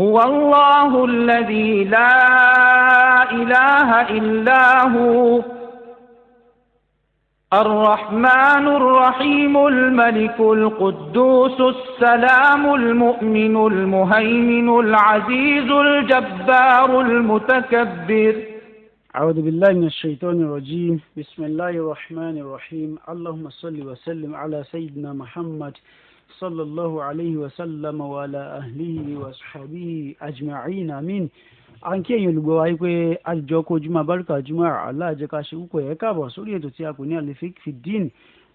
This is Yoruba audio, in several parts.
هو الله الذي لا إله إلا هو الرحمن الرحيم الملك القدوس السلام المؤمن المهيمن العزيز الجبار المتكبر أعوذ بالله من الشيطان الرجيم بسم الله الرحمن الرحيم اللهم صل وسلم على سيدنا محمد صلى الله عليه وسلم وعلى أهله وصحبه أجمعين آمين àǹkí ẹ̀yin olùgbọ́ wa wípé àjọ kojúmọ́ abárúkà jùmọ̀ aláàjẹká ṣe púpọ̀ ẹ̀ káàbọ̀ sórí ètò tí a kò ní àlefik fìdín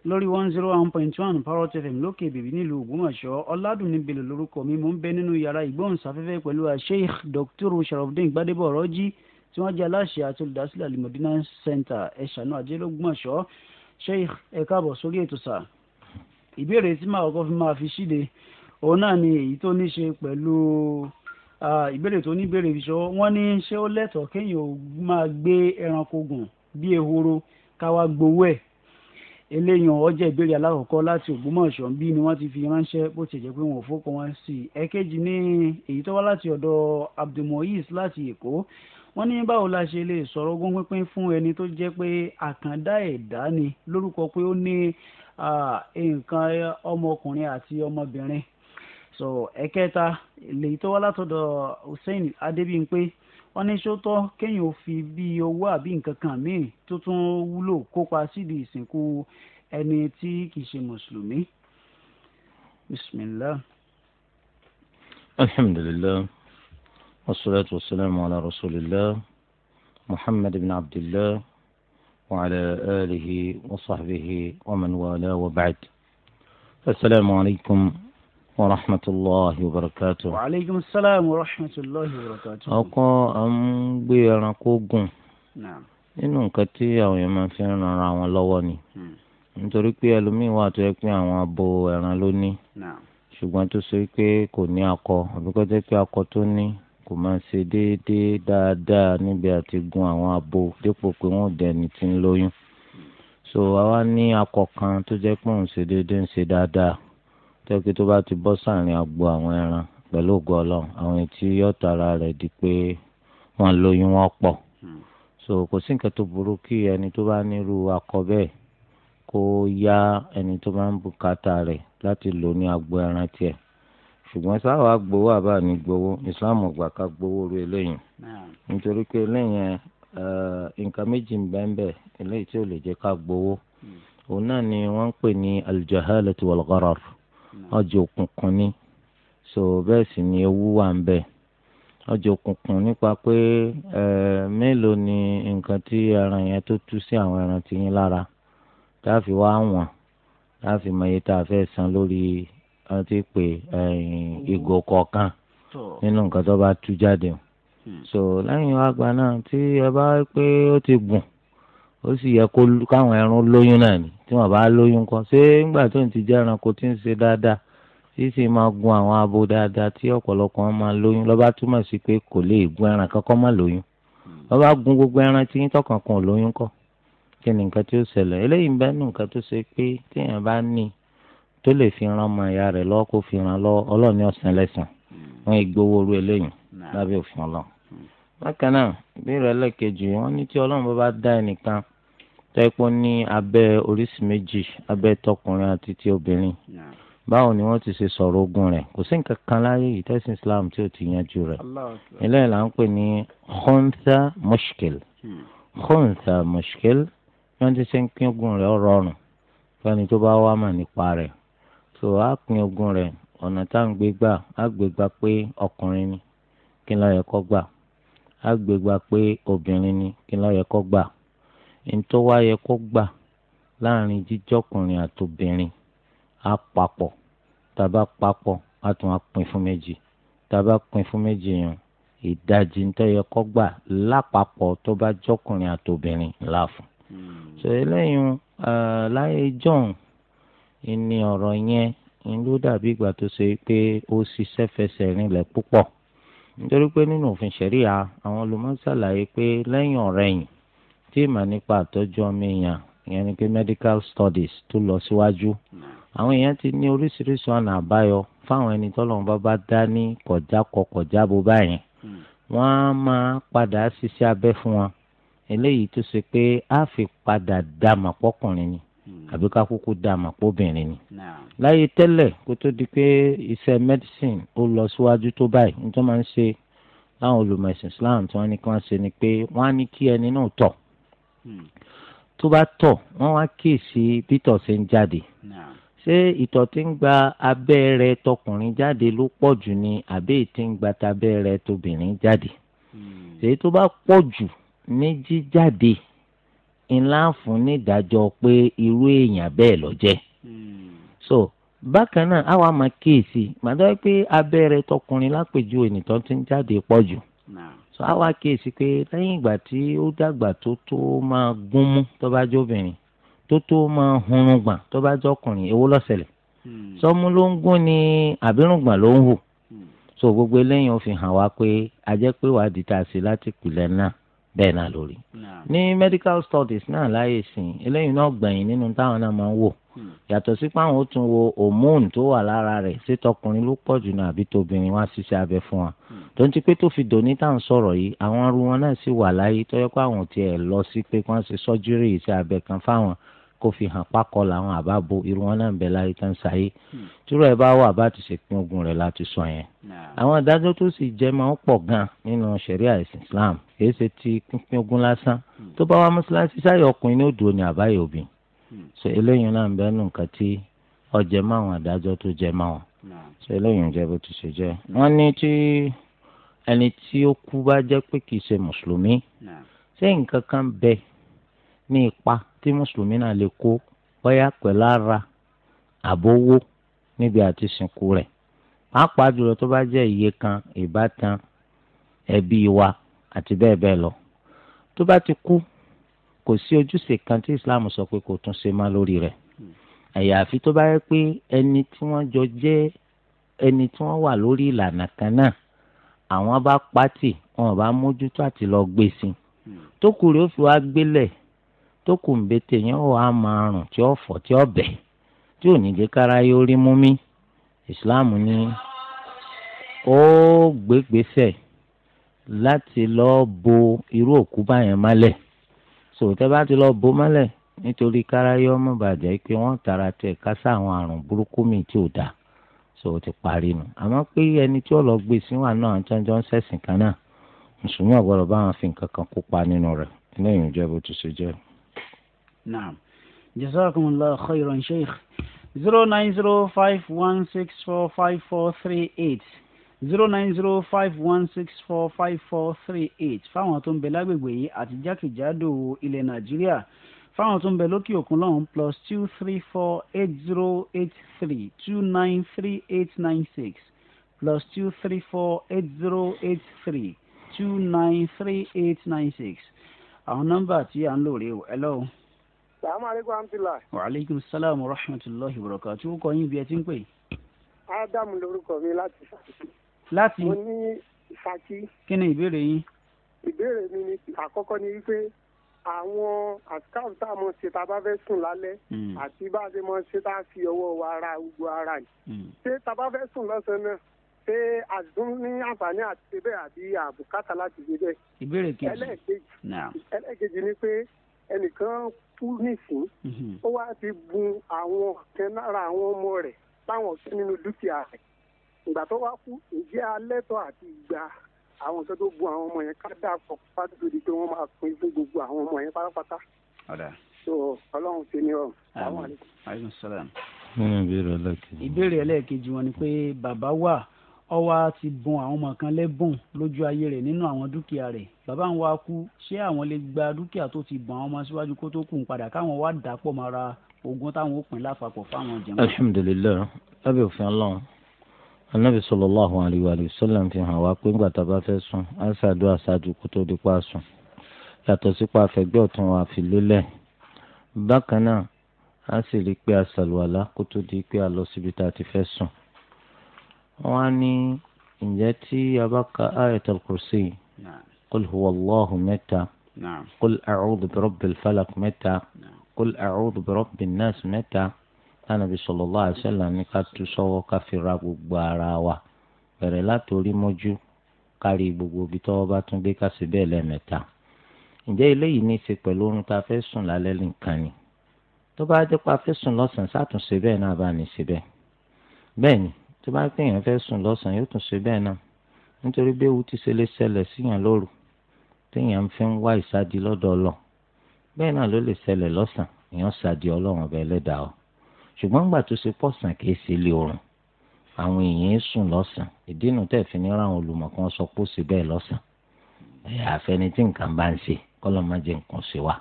lórí one zero one point one parrot fm lókè bèbí nílùú Ògbómọ̀ṣọ́ ọ̀làdùnní belò lórúkọ mi mò ń bẹ nínú yàrá ìgbóhùnsáfẹ́fẹ́ pẹ̀lú sheikh dr sharafdin gbadebo ọ̀rọ̀jì tí wọ́n jẹ́ aláṣẹ àti olùdásílẹ̀ alimọ̀dínà center ẹ̀ṣánú àjẹlógbòmọ̀ṣọ́ sheikh ẹ káàbọ̀ sórí ètò sáà ìbéèrè tí màá kọ́ fi máa fi ṣíde òun náà ni èyí tó ní ṣe pẹ̀lú ìbéèrè tó ní béèrè fi ṣọ́ wọ́n ní ṣé ó lẹ́tọ̀ọ́ kéèyàn máa gbé ẹranko gùn bí ehoro káwá gbowó ẹ̀ eléyàn ọjọ́ ìbéèrè alákọ̀ọ́kọ́ láti Ògbómọ̀ṣọ́ bí ni wọ́n ti fi ránṣẹ́ bó ti jẹ́ pé wọn ò fọ́kàn wọn sí i ẹ̀kejì ní èyí tó wá láti ọ̀dọ̀ Abdulmoyis láti Èkó wọ́n ní báwo la ṣe lè sọ̀rọ̀ ogún fún ẹni tó jẹ́ pé àkàndá ẹ̀dá ni lórúkọ pé ó ní nǹkan ọmọkùnrin àti ọmọbìnrin so ẹ̀kẹta lèyí tó wá látọ̀dọ̀ hussein adébíyìnpé wọ́n ní sótọ́ kéèyàn ò fi bíi owó àbí nǹkan kan míì tó tún wúlò kópa sídìí ìsìnkú ẹni tí kì í ṣe mùsùlùmí bismillah. alhamdulilah wasalaatu wasalaamu ala rasulillah muhammad ibn abdillah. وعلى آله وصحبه ومن والاه وبعد السلام عليكم ورحمة الله وبركاته وعليكم السلام ورحمة الله وبركاته أقا أم بيرنكوغن نعم nínú nǹkan tí àwọn èèyàn máa fi ń ran ara wọn lọ́wọ́ ni nítorí pé ẹlòmíín wà tó yẹ pé àwọn abo ẹran ló ní ṣùgbọ́n tó ṣe pé kò ní akọ àbíkọ́jẹ́ pé akọ tó ní kò máa ṣe déédéé dáadáa níbi àti gun àwọn abo dípò pé wọ́n dẹni tí ń lóyún so àwa ní akọ kan tó jẹ́ pé òun ṣe déédéé ń ṣe dáadáa tẹ́kí tó bá ti bọ́ sàárín agbo àwọn ẹran pẹ̀lú ògo ọlọ́run àwọn tí yóò tara rẹ̀ di pé wọ́n lóyún wọn pọ̀ hmm. so kò sí nǹkan tó burú kí ẹni tó bá nírú akọ bẹ́ẹ̀ kó yá ẹni tó bá ń bùkátà rẹ̀ láti lò ní agbo ẹran tiẹ̀ ṣùgbọ́n sáwà gbowó àbá ni gbowó islam ọgbà ká gbowó ru eléyìí nítorí pé eléyìí eh, nǹkan méjì ń bẹ́ẹ̀ bẹ́ẹ̀ eléyìí tí ó lè jẹ́ ká gbowó hmm. òun náà ni wọ́n ń pè ní aljahalatu wal gharar ọjọ́ òkùnkùn ni so bẹ́ẹ̀ sì ni ewu wà ń bẹ́ẹ̀ ọjọ́ òkùnkùn nípa pé eh, mélòó ni nǹkan tí ẹran yẹn tó tú sí àwọn ẹran yín lára tá a fi wá wọ̀n tá a mọ iye tá a san lórí wọ́n ti pè eh, ìgò kọ̀ọ̀kan nínú nǹkan tó bá tú jáde o hmm. so lẹ́yìn wá gba náà tí ẹ bá pé ó ti gùn ó sì yẹ kó káwọn ẹran lóyún náà ni tí wọ́n bá lóyún kan ṣé nígbà tó ń ti jẹ́ ẹranko tí ń ṣe dáadáa tí sì máa gun àwọn abo dáadáa tí ọ̀pọ̀lọpọ̀ wọn máa lóyún lọ́ba túmọ̀ sí pé kò lè gun ẹran kankan má lóyún hmm. lọ́ba gun gbogbo ẹran tí yín tọkàn kan lóyún kọ́ kí ni nǹkan tí ó ṣẹlẹ̀ eléyìí ń bẹ́ẹ̀ nù nǹkan tó ṣe pé téèyàn bá ní i tó lè fi ran ọmọ ìyá rẹ̀ lọ́wọ́ kó fi ran lọ́wọ́ ọlọ́ọ̀ni ọ̀sán lẹ́sàn wọn hmm. ìgbowó orú eléyìí lábẹ́ òfin ọlọ́run. Hmm. bákan náà ìbéèrè ẹlẹ́kejì wọn ní tí ọlọ́run bá bá dá ẹnìkan tó ẹ pọ́ ní abẹ́ oríṣi méjì abẹ́ tọkùnrin àti ti obìnrin báwo ni wọ́n ti ṣe sọ̀rọ̀ ogun rẹ̀ kò sí nǹkan kan láyé ìtẹ́sìn Islam tí ò ti yanjú rẹ̀ eléyìí là ń pè ní khonsa mushkil hmm. khonsa mushkil wọ́n ti ṣe ń pín ogun rẹ̀ rọrùn fẹ́ni tó bá wá mà nípa rẹ̀ so a pin ogun rẹ ọ̀nà tá à ń gbé gbà á gbé gbà pé ọkùnrin ni kí ló yẹ kó gbà á gbé gbà pé obìnrin ni kí ló yẹ kó gbà ntọ́ wa yẹ kó gbà láàrin jíjọkùnrin àtobìnrin á papọ̀ tàbá papọ̀ á tún á pín fún méjì tàbá pin fún méjì yẹn ìdajì ntọ́ yẹ kó gbà lápapọ̀ tó bá jọkùnrin àtobìnrin láàfún. Hmm. so eléyìí eh, láyé john ìní ọ̀rọ̀ yẹn ń ló dàbí ìgbà tó ṣe pé ó ṣiṣẹ́ fẹsẹ̀ rinlẹ̀ púpọ̀ nítorí pé nínú òfin ṣẹ̀ríà àwọn olùmọ̀ ṣàlàyé pé lẹ́yìn ọ̀rẹ̀yìn tí ìmọ̀ nípa àtọ́jú ọmọ èèyàn ìyẹn ni pé medical studies tó lọ síwájú àwọn èèyàn ti ní oríṣiríṣi ọ̀nà àbáyọ fáwọn ẹni tọ́lọ́run bá bá dá ní kọjákọ kọjábo báyìí wọ́n á máa padà ṣiṣẹ́ abẹ fún wọn eléyìí tó ṣe pé á fi padà dá màpọ́kùnrin ni Hmm. àbí ká kúkú dá a mọ̀ pé obìnrin ni. láyé tẹ́lẹ̀ kó tó di pé iṣẹ́ medicine ó lọ síwájú tó báyìí ní tó máa ń ṣe láwọn olùmọ̀ẹ̀sìn Islam tí wọ́n ní kí wọ́n ṣe ni pé wọ́n á ní kí ẹni náà tọ̀ hmm. tó bá tọ̀ wọ́n wá kíyèsí bítọ̀ ṣe ń jáde ṣé ìtọ̀ tí ń gba abẹ́rẹ́ tọkùnrin jáde ló pọ̀ jù ni àbí tí ń gba tabẹ́rẹ́ tóbìnrin jáde ṣèyí hmm. tó bá pọ̀ jù ní jíjáde ńlá fún nídàájọ́ pé irú èèyàn bẹ́ẹ̀ ló jẹ́ so bákan náà àwa máa kíyèsí màdọ́ pé abẹ́rẹ́ tọkùnrin lápèjú ènìtàn ti ń jáde pọ̀ jù so àwa kíyèsí pé lẹ́yìn ìgbà tí ó dàgbà tó tó máa gúnmú tó bá jóbìnrin tó tó máa hunrungbà tó bá jọkùnrin èwo ló ṣẹlẹ̀ hmm. sọmú ló ń gún ni àbírùngbà ló ń hù hmm. so gbogbo eléyìí ó fi hàn wá pé a jẹ́ pé wàá di tá a ṣe láti pìlẹ̀ náà bẹ́ẹ̀ náà lórí. ní medical studies náà láyè sìn eléyìí náà gbẹ̀yìn nínú táwọn náà máa ń wò hmm. yàtọ̀ sí pé àwọn ó tún wo hormone tó wà lára rẹ̀ ṣé tọkùnrin ló pọ̀ jù náà àbí tóbìnrin wá ṣiṣẹ́ abẹ fún wa hmm. tó ń ti pé tó fi dòní tá à ń sọ̀rọ̀ yìí àwọn arú wọn náà sì wà láyé tó yẹ kó àwọn tiẹ̀ lọ sí pé kí wọ́n ṣe sọ́júrì iṣẹ́ abẹ kan fáwọn kó fi hàn pákọ làwọn àbá bo wọn náà ń bẹ láyé tán sáyé hmm. tírú ẹ bá wà bá ti ṣe ogun rẹ̀ láti sọ yẹn àwọn ìdájọ́ tó sì jẹ́ máa ń pọ̀ gan nínú ṣẹ̀ríà ìsìn Islam kìí ṣe ti pínpín ogún lásán tó bá wá mọ́ṣáláṣí sáyẹ ọkùnrin ní òdùn ní àbáyọ obìnrin hmm. so eléyìí náà ń bẹ nù nǹkan tí ọjẹ máwọn adájọ́ tó jẹ máwọn so eléyìí ń jẹ bó ti ṣe jẹ wọn ní tí ẹni tí ó kú bá jẹ pé kìí ṣe mùsùlùmí ṣé nǹkan kan bẹ ní ipa tí mùsùlùmí náà lè kó bóyá pẹ̀lú ara àbówó níbi àti sìnkú rẹ̀ pàápàá jùlọ tó bá jẹ́ iye kan ìbátan ẹbí wa àti bẹ́ẹ̀ bẹ́ẹ̀ lọ tó bá ti kú kò sí ojúṣe kan tí islam sọ pé kò tún ṣe má lórí rẹ̀ àyàfi tó bá yẹ pé ẹni tí wọ́n jọ jẹ́ ẹni tí wọ́n wà lórí ìlànà kan náà àwọn bá pátì wọn bá mójútó àti lọ gbé sí tó kù rẹ̀ ó fi wá gbélẹ̀ tó kù ń bẹ tèèyàn wà á máa rùn tí ó fọ̀ tí ó bẹ̀ tí ò ní jẹ́ kára yóò rí mú mi islam ní ó gbégbèsè. Oh, láti lọ́ọ́ bo irú òkú báyẹn mọ́lẹ̀ sòtẹ́ bá ti lọ́ọ́ bo mọ́lẹ̀ nítorí káráyé ọmọ bàjẹ́ pé wọ́n tara tẹ̀ kásá àwọn àrùn burúkú mi tí ò dáa so ti parí nu àmọ́ pé ẹni tí ó lọ gbé sí wà náà jọjọ ń ṣẹ̀sìn kan náà mùsùlùmí ọ̀gbọ́dọ̀ bá wọn fi nǹkan kan kópa nínú rẹ̀ lẹ́yìn ìjọ bó ti ṣe jẹ́. naam jazakumullahu khairan sheikh zero nine zero five one six four five four three eight zero nine zero five one six four five four three eight fáwọn tó ń bẹ lágbègbè yìí àti jákèjádò ilẹ̀ nàìjíríà fáwọn tó ń bẹ lókè òkun lọ́hún plus two three four eight zero eight three two nine three eight nine six plus two three four eight zero eight three two nine three eight nine six àwọn nọ́mbà tí à ń lò rèé o hello. salaamaleykum amtila. wa aleykum salaam wa rahmatulahi wa barakatuh kọ́ yín bí ẹ ti ń pè. ádámù lórúkọ mi láti ṣàkóso láti. mo ní Ṣakí. kí ni ìbéèrè yín. ìbéèrè mi ni àkọ́kọ́ ni wípé àwọn àtikáàbù tá a mọ̀ ṣe tá a bá fẹ́ sùn lálẹ́ hmm. àti bá a ṣe mọ̀ ṣe tá a fi ọwọ́ wa ra gbogbo ara yìí hmm. ṣé tá a bá fẹ́ sùn lọ́sàn-án náà ṣé àdùn ní àǹfààní àti ṣe bẹ́ẹ̀ àbí àbùkátà láti ṣe bẹ́ẹ̀. ìbéèrè kejì ẹlẹ́ẹ̀kejì ni pé ẹnìkan kú nìsín hmm. ó wá ti bu àwọn kan lára àwọn ọmọ rẹ̀ táwọn sí nínú dúkìá rẹ̀ ìgbà tó wá kú ǹjẹ́ alẹ́ tọ́ àti gba àwọn nǹkan tó bu àwọn ọmọ yẹn ká dà pọ̀ pátó di pé wọ́n máa pín fún gbogbo àwọn ọmọ yẹn pátápátá. so ọlọ́run ṣe ni ọ. àwọn àlejò. sálàm. ìbéèrè ẹlẹ́ẹ̀kejì wọn ni pé bàbá wà ọwọ́ ti bùn àwọn ọmọ kan lẹ́bùn lójú ayé rẹ̀ nínú àwọn dúkìá rẹ̀ bàbá ń wá kú ṣé àwọn lè gba dúkìá tó ti bùn àwọn ọmọ síwájú kó tó kù ń padà káwọn wá dàpọ̀ mọ́ra ogún táwọn ó pín láfapọ̀ fáwọn jẹ̀mọ́. alhamdulilayi lábẹ́ òfin ọlọ́run anabi sallallahu alayhi wa sallam fi hàn wá pé ńgbà tá a bá fẹ́ sùn á ṣàdúrà ṣáájú kó tó di pa sùn yàtọ̀ sípa àfẹ́gbẹ́ ọ̀tún wa fi lélẹ̀ bákan náà a sì rí i pé a ṣàlùwàlá kó tó di pé a lọ síbi tá a ti fẹ́ sùn. wọ́n á ní ǹjẹ́ tí a bá ka kursi qul huwa allahu mẹ́ta qul a'udhu bi rabbil falaq mẹ́ta qul a'udhu bi rabbin nas mẹ́ta tánàbí sallallahu alaihi wasallam ní ká tú sọ́wọ́ ká fi ra gbogbo ara wa bẹ̀rẹ̀ látòrí mọ́jú kárí gbogbo ibi tọ́wọ́ bá tún dé ká sì bẹ́ẹ̀ lẹ́ẹ̀mẹ́ta ǹjẹ́ eléyìí ní í ṣe pẹ̀lú oorun tá a fẹ́ sùn lálẹ́ nìkan ni tó bá jẹ́ pé a sùn lọ́sàn-án sátúnṣe bẹ́ẹ̀ náà bá ní ṣe bẹ́ẹ̀ bẹ́ẹ̀ ni tó bá pé èèyàn fẹ́ sùn lọ́sàn yóò tún ṣe bẹ́ẹ̀ náà nítorí bí ewu ti ṣe lè ṣẹlẹ̀ síyàn lóru téèyàn fi ń wá ìsádi lọ́dọ̀ ọlọ́ náà ló lè ṣẹlẹ̀ lọ́sàn èèyàn ṣàdí ọlọ́run ọbẹ̀ ẹlẹ́dàá ṣùgbọ́n nígbà tó ṣe pọ̀ sàn kìí ṣe ilé oorun àwọn èèyàn sùn lọ́sàn ìdínú tẹ̀ fi ní ráwọn olùmọ̀ kan sọ pé ó ṣe bẹ́ẹ̀ lọ́sàn àfẹni tí nǹkan bá ń ṣe kọ́lọ́ má jẹ́ nǹkan ṣe wá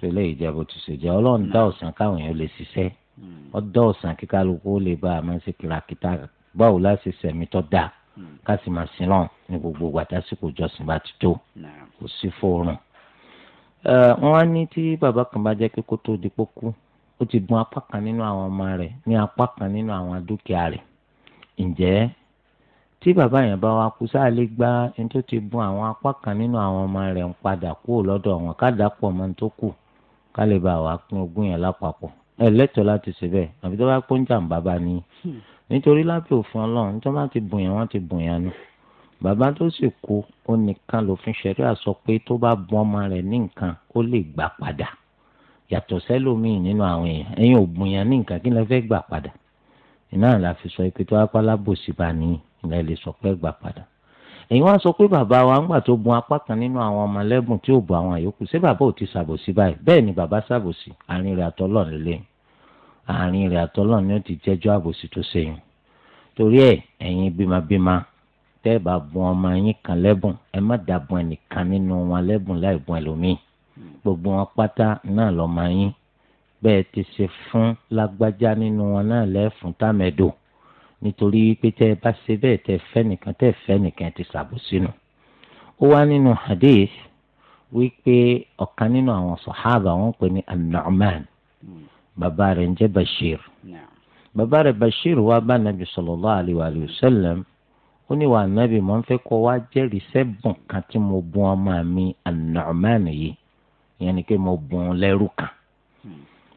ṣẹlẹ̀ ìjẹ́bù tó ṣe jẹ́ ọlọ́run dá ọ̀sán káwọn èèyàn lè ṣiṣẹ́ ọ hmm. dá ọ̀sán kí kálukú lè bá a máa ṣe kìlàkìtà báwo láti ṣẹ̀mí tó dáa hmm. ká sì máa sin lọ́n ní gbogbo gbàtàsíkò jọ́sìn bá ti tó kò sí fóorùn. wọ́n á ní tí bàbá kan bá jẹ́ pé kó tó di pókú ó ti bùn apá kan nínú àwọn ọmọ rẹ̀ ní apá kan nínú àwọn dúkìá rẹ̀ ǹjẹ́ tí bàbá yẹn bá wa kú sáà lè gba ẹni tó ti bùn àwọn apá kan nínú àwọn ọmọ rẹ̀ ń padà kúrò lọ́dọ̀ wọn kádà pọ̀ mọ́ tó kù ká lè bá wa pín ogún yẹn lápapọ̀ ẹ lẹ́tọ̀ọ́ láti ṣe bẹ́ẹ̀ àbí tó bá pọ́n jàǹbá bá ní hmm. nítorí lábẹ́ òfin ọlọ́run tó bá ti bùn yẹn wọ́n ti bùn yẹn nu bàbá tó sì kú ó nìkan lòfin ṣẹ̀ríà sọ pé tó bá bùn ọmọ rẹ̀ ní nǹkan ó lè gbà padà yàtọ̀ sẹ́lòmíì nínú àwọn èèyàn ẹ̀yin ògùn yẹn ní nǹkan kí lẹ fẹ́ gbà padà iná la fi sọ pé tó apá lábòsí bá ní ilẹ̀ lè sọ pé gbà padà ẹ̀yin wá sọ pé bàbá wa ńgbà tó gun apá kan nínú àwọn ọmọlẹ́bùn tí ò bu àwọn àyòkù ṣé bàbá ò ti ṣàbòsí báyìí bẹ́ẹ̀ ni bàbá ṣàbòsí àárín rẹ̀ àtọ́lọ̀ lélẹ̀ àárín rẹ̀ àtọ́lọ̀ ni ó ti jẹ́jọ́ àbòsí tó ṣẹ̀yìn torí ẹ̀ ẹ̀yin bímabíma tẹ́ ẹ bá bun ọmọ yín kan lẹ́bùn ẹ má dàbọn ẹnìkan nínú wọn lẹ́bùn láì bun ẹlòmíì gbogbo wọn pátá náà lọ máa yín bẹ́ẹ̀ ti ṣe fún lágbájá nínú wọn náà lẹ́fun támẹ́dò nítorí pé tẹ́ ẹ bá ṣe bẹ́ẹ̀ tẹ́ fẹ́ nìkan tẹ́ fẹ́ nìkan ti ṣàbò sínú. ó wá nínú hadith wípé ọ̀kan nínú àwọn sọ̀háàbà wọn pè ní an-Nu'man bàbá rẹ̀ ń jẹ́ Bashir. bàbá rẹ̀ Bashir wá bá nàbì sallallahu alayhi wa sallam ó ní wà nàbì mọ́ ń fẹ́ kọ́ wá jẹ́rìí sẹ́bùn kan tí mo bu ọmọ mi an yìí ìyẹn ni pé mo bùn ún kan. Hmm.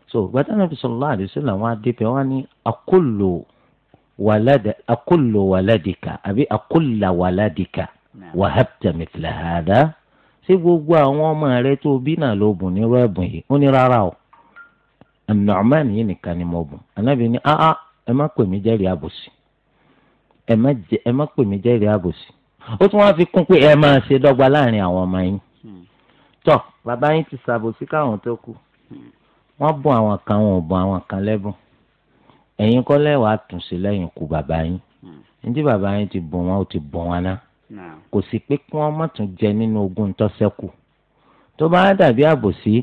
so gbàtà náà fi sallallahu alaihi wasallam àwọn adébẹ̀ wọn ní akólò wàládì akólò wàládìkà àbí akólà wàládìkà wàhábtà mithla hada ṣé gbogbo àwọn ọmọ rẹ tó bí náà ló bùn nírú ẹ̀bùn yìí ó ní rárá o An-Nu'man yìí nìkan ni mo bùn anábì ní áá ẹ má pè mí jẹ́rìí àbòsí ẹ má pè mí jẹ́rìí àbòsí ó tún wá fi kún pé ẹ máa ṣe dọ́gba láàrin àwọn ọmọ yín tọ bàbá yín ti ṣàbòsí káwọn tó kù wọ́n bùn àwọn kan wọn ò bùn àwọn kan lẹ́bùn ẹ̀yin kọ́ lẹ́wàá tún sí lẹ́yìn kú bàbá yín ǹdí bàbá yín ti bùn wọn ó ti bùn wọn ná kò sí pé kí wọ́n má tún jẹ nínú ogún tó tó bá dàbí àbòsí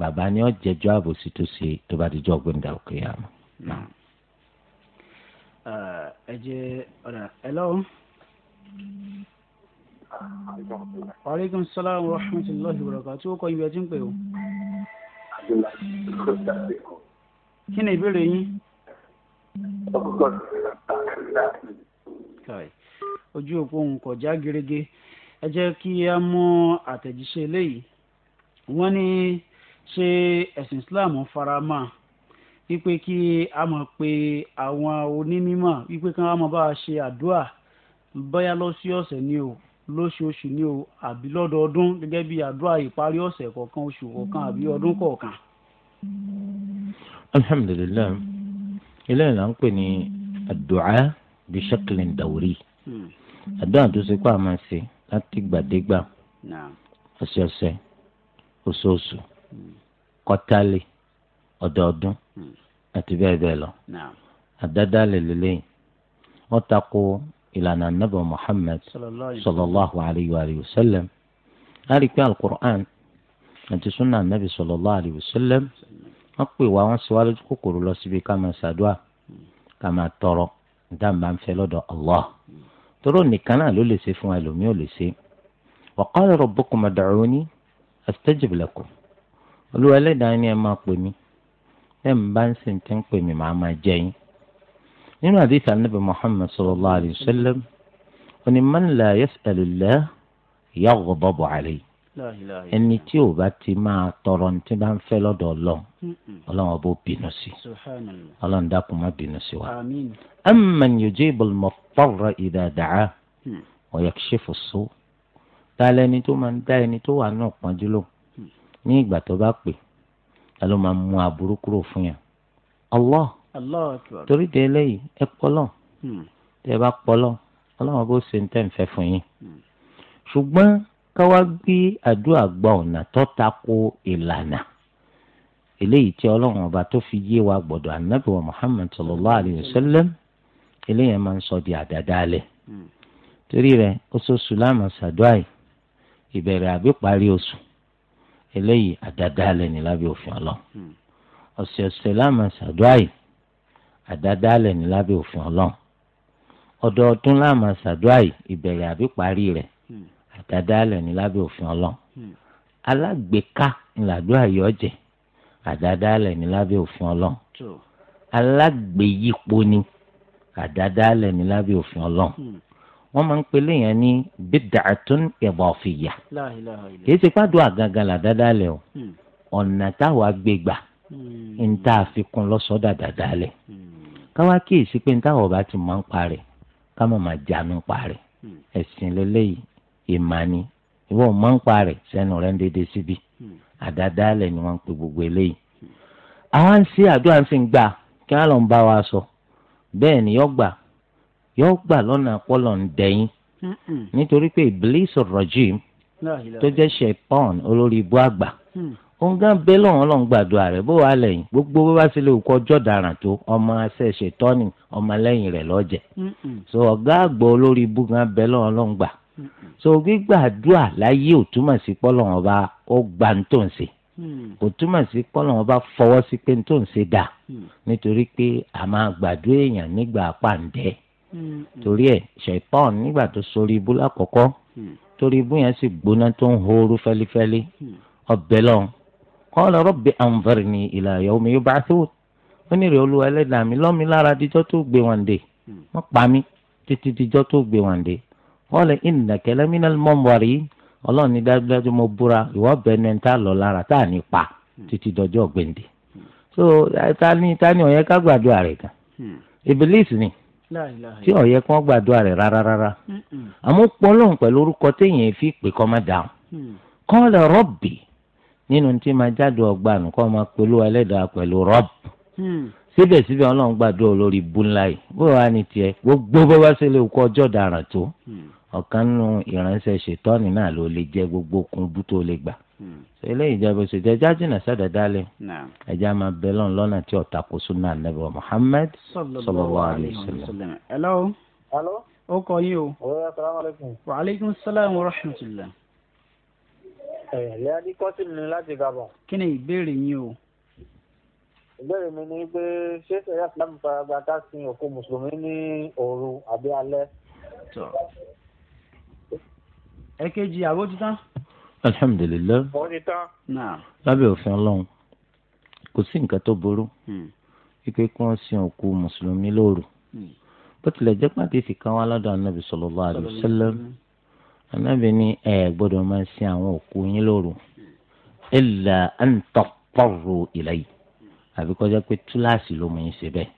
bàbá ni ó jẹjọ́ àbòsí tó ṣe tó bá dijọ́ gbẹ̀ndà òkè àmọ́. ẹ jẹ́ ọ̀rà ẹ lọ́wọ́ wàhálẹ́kùn sálàmù rahmatulahi wàràkà tí o kọ ibi ẹtí ń pè o. kí ni ìbéèrè yín. ojú òpó nǹkan já gerege ẹ jẹ́ kí a mú àtẹ̀jíṣẹ́ eléyìí wọ́n ní ṣé ẹ̀sìn Islam fara mọ́ wípé kí a mọ̀ pé àwọn onímọ̀ wípé kí wọ́n mọ̀ bá a ṣe àdúrà bóyá lọ sí ọ̀sẹ̀ ni o lóṣooṣù ni o àbí lọ́dọọdún gẹ́gẹ́ bí àdúrà ìparí ọ̀sẹ̀ kọ̀ọ̀kan oṣù kọ̀ọ̀kan àbí ọdún kọ̀ọ̀kan. alhamdulilayi eléyìí là ń pè ní àdúrà bí shaklin dawuri hmm. àdúrà tó ṣe pé a máa ṣe láti gbàdégbà ọ̀sẹ̀ọ̀sẹ̀ oṣooṣù hmm. kọ́tálì ọdọọdún hmm. àti bẹ́ẹ̀ bẹ́ẹ̀ lọ àdádálẹ̀ lélẹ́yìn wọ́n tako ìlànà nàbà muhammed sallallahu alayhi wa sallam láti pé alukur'an àti sunna nàbì sallallahu alayhi wa sallam wọ́n pè wá wọ́n síwájú kòkòrò lọ síbi ká máa ṣàdúrà ká máa tọrọ dáàbà ń fẹ́ lọ́dọ̀ allah tóró nìkan náà ló lè ṣe fún ẹlòmíì ò lè ṣe wa qala rabbukum ud'uni astajib lakum olúwa ẹlẹ́dàá ni ẹ máa pè mí ẹ ń bá ń sìn tí ń pè mí màá máa jẹ yín nínú àdìsá nàbì muhammed sallallahu alayhi wa sallam oní man la yas'alillah yaghdabu alayhi ẹni tí ò bá ti máa tọrọ ní tí bá ń fẹ́ lọ́dọ̀ ọlọ́run ọlọ́run ọba ó bínú sí ọlọ́run dákun má bínú sí wa. amman yujibul muttarra idha da'ah hmm. wa yakshifu as-su' ta lẹni tó máa ń dá ẹni tó wà náà pọ́njú lò hmm. ní ìgbà tó bá pè ta ló máa mú aburú kúrò fún yàn Allah torí de eléyìí ẹ pọlọ hmm. tẹ bá pọlọ Ọlọ́run bó ṣe ń tẹ̀ ń fẹ́ fún yín hmm. ṣùgbọ́n káwá gbé àdúrà gba ọ̀nà tó tako ìlànà eléyìí tí ọlọ́run ọba tó fi yé wa gbọ́dọ̀ ànábì wa muhammed sallallahu alayhi wa sallam eléyìí máa ń sọ di àdádálẹ̀ hmm. torí rẹ̀ oṣooṣù láàmú sàdúàì ìbẹ̀rẹ̀ àbí parí oṣù eléyìí àdádálẹ̀ ní lábẹ́ òfin ọlọ́run ọ̀sẹ̀ ọ̀sẹ̀ sàdúàì àdádálẹ̀ ní lábẹ́ òfin ọlọ́run ọdọọdún láàmà ṣàdúrà yìí ìbẹ̀rẹ̀ àbí parí rẹ̀ hmm. àdádálẹ̀ ní lábẹ́ òfin ọlọ́run hmm. alágbèéká ńlàdúrà yìí ọ̀jẹ̀ àdádálẹ̀ ní lábẹ́ òfin ọlọ́run alágbèéyípo ni àdádálẹ̀ ní lábẹ́ òfin ọlọ́run hmm. wọ́n máa ń pele yẹn ní bid'atun idafiyya kì í ṣe pàdó àgàgà làdádálẹ̀ o ọ̀nà táwa gbé gbà ń tá a fi kún lọ́sọ̀ọ́dà dáadáa lẹ̀ káwá kíyèsí pé ń táwọn ọba ti máa ń parẹ́ ká má máa jánu parẹ́ hmm. ẹ̀sìn lélẹ́yìí ìmàní ìwọ máa ń parẹ́ sẹ́nu rẹ̀ ń dédé síbi hmm. àdáadáa lẹ̀ ni wọ́n ń pe gbogbo eléyìí àwọn hmm. ń ṣe àdúrà ń gbà kí wọ́n lọ bá wa sọ bẹ́ẹ̀ ni yọ́ gbà yọ́ gbà lọ́nà àpọ́lọ̀ ń dẹ̀yìn nítorí pé ìbílísì rọ̀jìm tó jẹ́ ṣẹ̀pọ̀n olórí ibú àgbà òun gan bẹ́ẹ̀ lọ́wọ́n lọ́n gbàdúrà rẹ̀ bó wàá lẹ́yìn gbogbo bó bá sì lè kọ́ jọ̀dàràn tó ọmọ ẹsẹ̀ ṣètọ́ni ọmọ lẹ́yìn rẹ̀ lọ́jẹ̀ so ọ̀gá àgbọ̀ olórí ibú gan bẹ́ẹ̀ lọ́wọ́n lọ́n gbà so gbígbàdúrà láyé ò túmọ̀ sí pọ́lọ́wọ́n bá ó gbà ń tó ń ṣe mm. kò túmọ̀ sí pọ́lọ́wọ́n bá fọwọ́ sí pé ń tó ń ṣe dà mm. nítorí pé a máa gbàdúrà èèyàn nígbà pàǹdẹ́ torí ẹ̀ ṣẹ̀tọ́n nígbà tó sorí ibú lákọ̀ọ́kọ́ mm. torí qala rabbi anzirni ila yawmi yub'athun ó ní rẹ̀ olúwa ẹlẹ́dàá mi lọ́mi lára díjọ́ tó gbé wọn dé wọ́n pa mí títí díjọ́ tó gbé wọn dé qala innaka laminal munzirin ọlọ́run ní dájúdájú mo búra ìwọ bẹ̀rẹ̀ ní ta lọ lára tá à ní pa títí dọjọ́ gbèǹde so ta ni ta ni ó yẹ ká gbàdúrà rẹ̀ gan Iblis ni tí ó yẹ kán gbàdúrà rẹ̀ rárá rárá àmọ́ pọ́lọ́n pẹ̀lú orúkọ téèyàn fi pè kọ́ má dáhùn mm. qala rabbi nínú tí máa jáde ọgbà nù kọ́ máa pẹ̀lú ẹlẹ́dàá pẹ̀lú rọ́b hmm. síbẹ̀síbẹ̀ ọlọ́run gbàdúrà olórí búńlá yìí bóyá wà ní tiẹ̀ gbogbo bó bá ṣe lè kọ́ ọjọ́ dàrán tó hmm. ọ̀kan nù ìránṣẹ́ ṣètọ́ni náà ló lè jẹ́ gbogbo kun bú tó lè gbà ṣe hmm. eléyìí jẹ́ bẹ́sẹ̀ jẹ́ jájìnà sádàdálẹ̀ ẹ̀já máa bẹ lọ́n lọ́nà tí ọ̀tà kò sún náà Ànábì Muhammad sallallahu alaihi wasallam. hello. hello. ó kọ yín o. wa alaikum wa rahmatullah ẹ̀ẹ́dẹ́ adíkọ́sí mi láti gabon. kí ni ìbéèrè yín o. ìbéèrè mi ni pé ṣé sẹ́yà islam faragba ká sin òkú mùsùlùmí ní òru àbí alẹ́. ẹ̀kejì àbó ti tán. alhamdulilayi. ó ti tán. lábẹ́ òfin ọlọ́run kò sí nǹkan tó burú hmm. wípé kí wọ́n sin òkú mùsùlùmí lóru hmm. bó tilẹ̀ jẹ́ pàtẹ́sì kan wá lọ́dọ̀ anabi sallallahu alaihi wasallam anábì ní ẹ gbọ́dọ̀ máa ṣe àwọn òkú yín lóru illa an taqtaru ilay àfi kó jẹ́ pé túláàsì ló mú yín ṣe bẹ́ẹ̀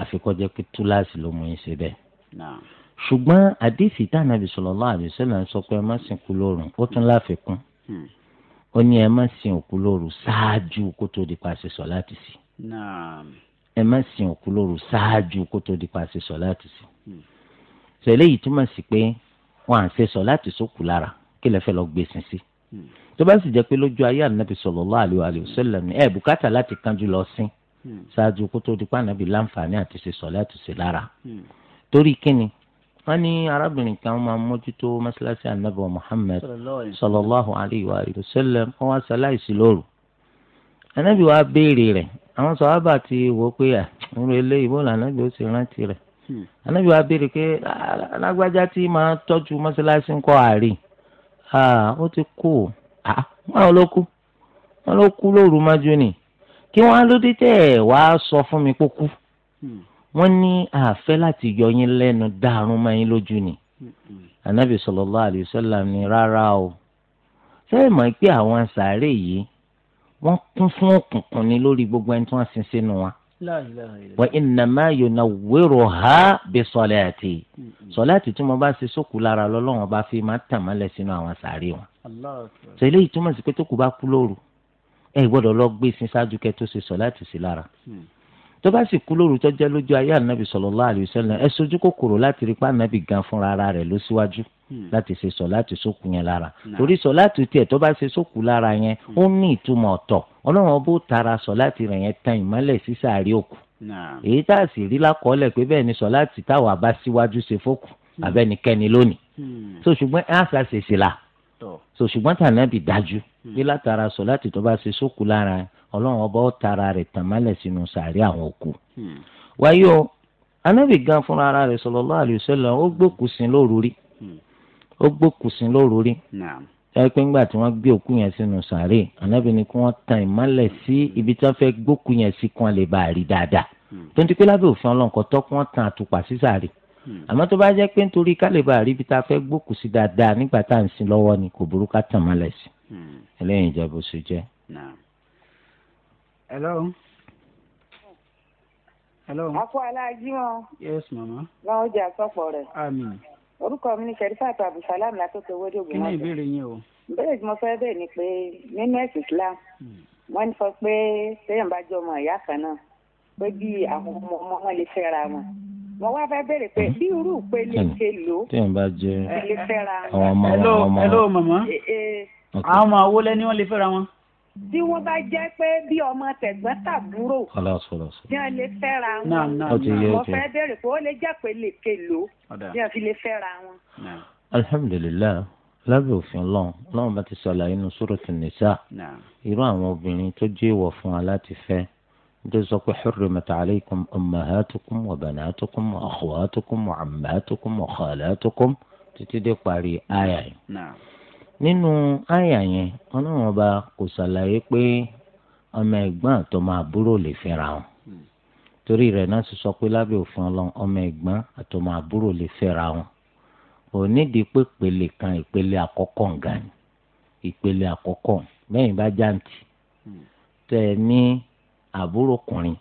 àfi kó jẹ́ pé túláàsì ló mú yín ṣe bẹ́ẹ̀. ṣùgbọ́n àdìsí tí anábì sallallahu alaihi wasallam sọ pé ẹ má sìnkú lóru ó tún láfikún hmm. ó ní ẹ má sin òkú lóru ṣáájú kó tó di pa ṣe sọ̀láàtì sí ẹ má sin òkú lóru ṣáájú kó tó di pa ṣe sọ̀láàtì sí. Hmm. sọ eléyìí túmọ̀ sí pé wọn à ń ṣe sọ láti sókù lára kí lè fẹ́ lọ gbèsè sí hmm. tó bá sì jẹ́ pé lójú ayé ànábì sallallahu alaihi wasallam ẹ bùkátà láti kánjú lọ sí hmm. ṣáájú kó tó di pa ànábì láǹfààní àti ṣe sọ láti ṣe lára hmm. torí kíni wọn ní arábìnrin kan máa ń mójútó mọ́ṣáláṣí ànábì Muhammad sallallahu alaihi wasallam wọn wá ṣaláìsí lóru ànábì wa béèrè rẹ̀ àwọn sọ wá bá ti wò ó pé à ń ro eléyìí bó làǹdàbí ó ti rántí Hmm. ànábì wa béèrè pé alágbájá tí máa tọ́jú mọ́ṣáláṣí ń kọ́ àárẹ̀ ó ti kú wọn ló kú wọn ló kú lóru mọ́jú ni kí wọ́n á ló dé tẹ̀ wá sọ fún mi pé kú hmm. wọ́n ní àfẹ́ láti yọ yín lẹ́nu dàrún mọ́ yín lójú ni hmm. ànábì sallallahu alayhi ni rárá o sẹ́yìn mọ̀ pé àwọn sàárè yìí wọ́n kún fún òkùnkùn ni lórí gbogbo ẹni tí wọ́n sin sínú wa wa innama yunawwiruha bi salati salati tí mo bá ṣe sókù lára lọ́lọ́wọ́n bá fi máa tàn mọ́lẹ̀ sínú àwọn sàárè wọn. sọ eléyìí túmọ̀ sí pé tó kù bá kú lóru ẹ gbọ́dọ̀ lọ gbé sin ṣáájú kẹ tó ṣe sọ̀láàtì sí lára hm. tó bá sì kú lóru tó jẹ́ lójú ayé ànábì sallallahu alaihi wasallam sojú kòkòrò láti rí pa ànábì gan fúnra ara rẹ̀ lọ síwájú. Hmm. láti ṣe sọ láti sókù yẹn lára torí sọ láti tiẹ̀ tó bá ṣe sókù lára yẹn hmm. ó ní ìtumọ̀ ọ̀tọ̀ ọlọ́run ọbó tara sọ láti rẹ̀ yẹn tan ìmọ́lẹ̀ sí sàárè òkú èyí tá a sì rí lákọọ́lẹ̀ pé bẹ́ẹ̀ ni sọ láti táwa bá síwájú ṣe fókù hmm. abẹ́nikẹ́ni lónìí so ṣùgbọ́n ẹ̀ àṣà ṣèṣì la so ṣùgbọ́n tànàbì dájú bí látara sọ láti tó bá ṣe sókù lára ọlọ́run ọba ó tara rẹ̀ tàn mọ́lẹ̀ sínú sàárè àwọn òkú wáyé gan fúnra ara rẹ̀ sallallahu alaihi wasallam ó gbókùsìn lóru rí ó gbókùsín lóru rí ṣáà pé ńgbà tí wọ́n gbé òkú yẹn sínú sàárè ànábì ni kí wọ́n tan ìmọ́lẹ̀ sí ibi tí wọ́n fẹ́ gbókù yẹn sí kan lè bá a rí dáadáa hmm. tó ń ti pé lábẹ́ òfin ọlọ́nkọ tó kí wọ́n tan àtùpà sí sàárè hmm. àmọ́ tó bá jẹ́ pé nítorí ká lè bá a rí ibi tá a fẹ́ gbókù sí dáadáa nígbà tá à ń sin lọ́wọ́ ni kò burú ká tan mọ́lẹ̀ sí hmm. ẹlẹ́yìn ìjọba oṣù jẹ́. hello. hello. àpò aláàjì wọn. yes mama. wọn ò jà rẹ̀ orúkọ mi ni sherifat abdulsalam látòkè owó dògbò náà. kí ni o. ìbéèrè tí mo fẹ́ bẹ̀ ni pé nínú ẹ̀sìn islam hmm. wọ́n ń sọ pé téèyàn bá jọ ọmọ ìyá kan náà pé bí àwọn ọmọ ọmọ wọn lè fẹ́ra wọn mo wá fẹ́ bèrè pé bí irú ìpele ṣe lò ó téèyàn bá jẹ àwọn ọmọ ọmọ ọmọ. hello hello mama eh, eh. àwọn ọmọ àwo lẹ́ni wọ́n lè fẹ́ra wọn bí wọ́n bá jẹ́ pé bí ọmọ tẹ̀gbọ́n tàbúrò ní a lè fẹ́ra wọn mo fẹ́ bẹ̀rẹ̀ pé ó lè jẹ́ pé lè kèlò ní a fi lè fẹ́ra wọn. alhamdulilayi lábẹ́ òfin ọlọ́run ọlọ́run bá ti ṣàlàyé inú suratul nisa irú àwọn obìnrin tó jẹ́ ìwọ̀ fún wa láti fẹ́ nítorí sọ pé hurrimat alaykum ummahatukum wa banatukum wa akhwatukum wa ammatukum wa khalatukum títí dé parí àyà nínú àyà yẹn ọlọ́run ọba kò ṣàlàyé pé ọmọ ẹ̀gbọ́n àtọmọ àbúrò lè fẹ́ra wọn torí rẹ̀ náà sì sọ pé lábẹ́ òfin ọlọ́run ọmọ ẹ̀gbọ́n àtọmọ àbúrò lè fẹ́ra wọn ò nídìí pé ìpele kan ìpele àkọ́kọ́ ǹgà ni ìpele àkọ́kọ́ lẹ́yìn bá jáǹtì tẹ ní àbúrò ọkùnrin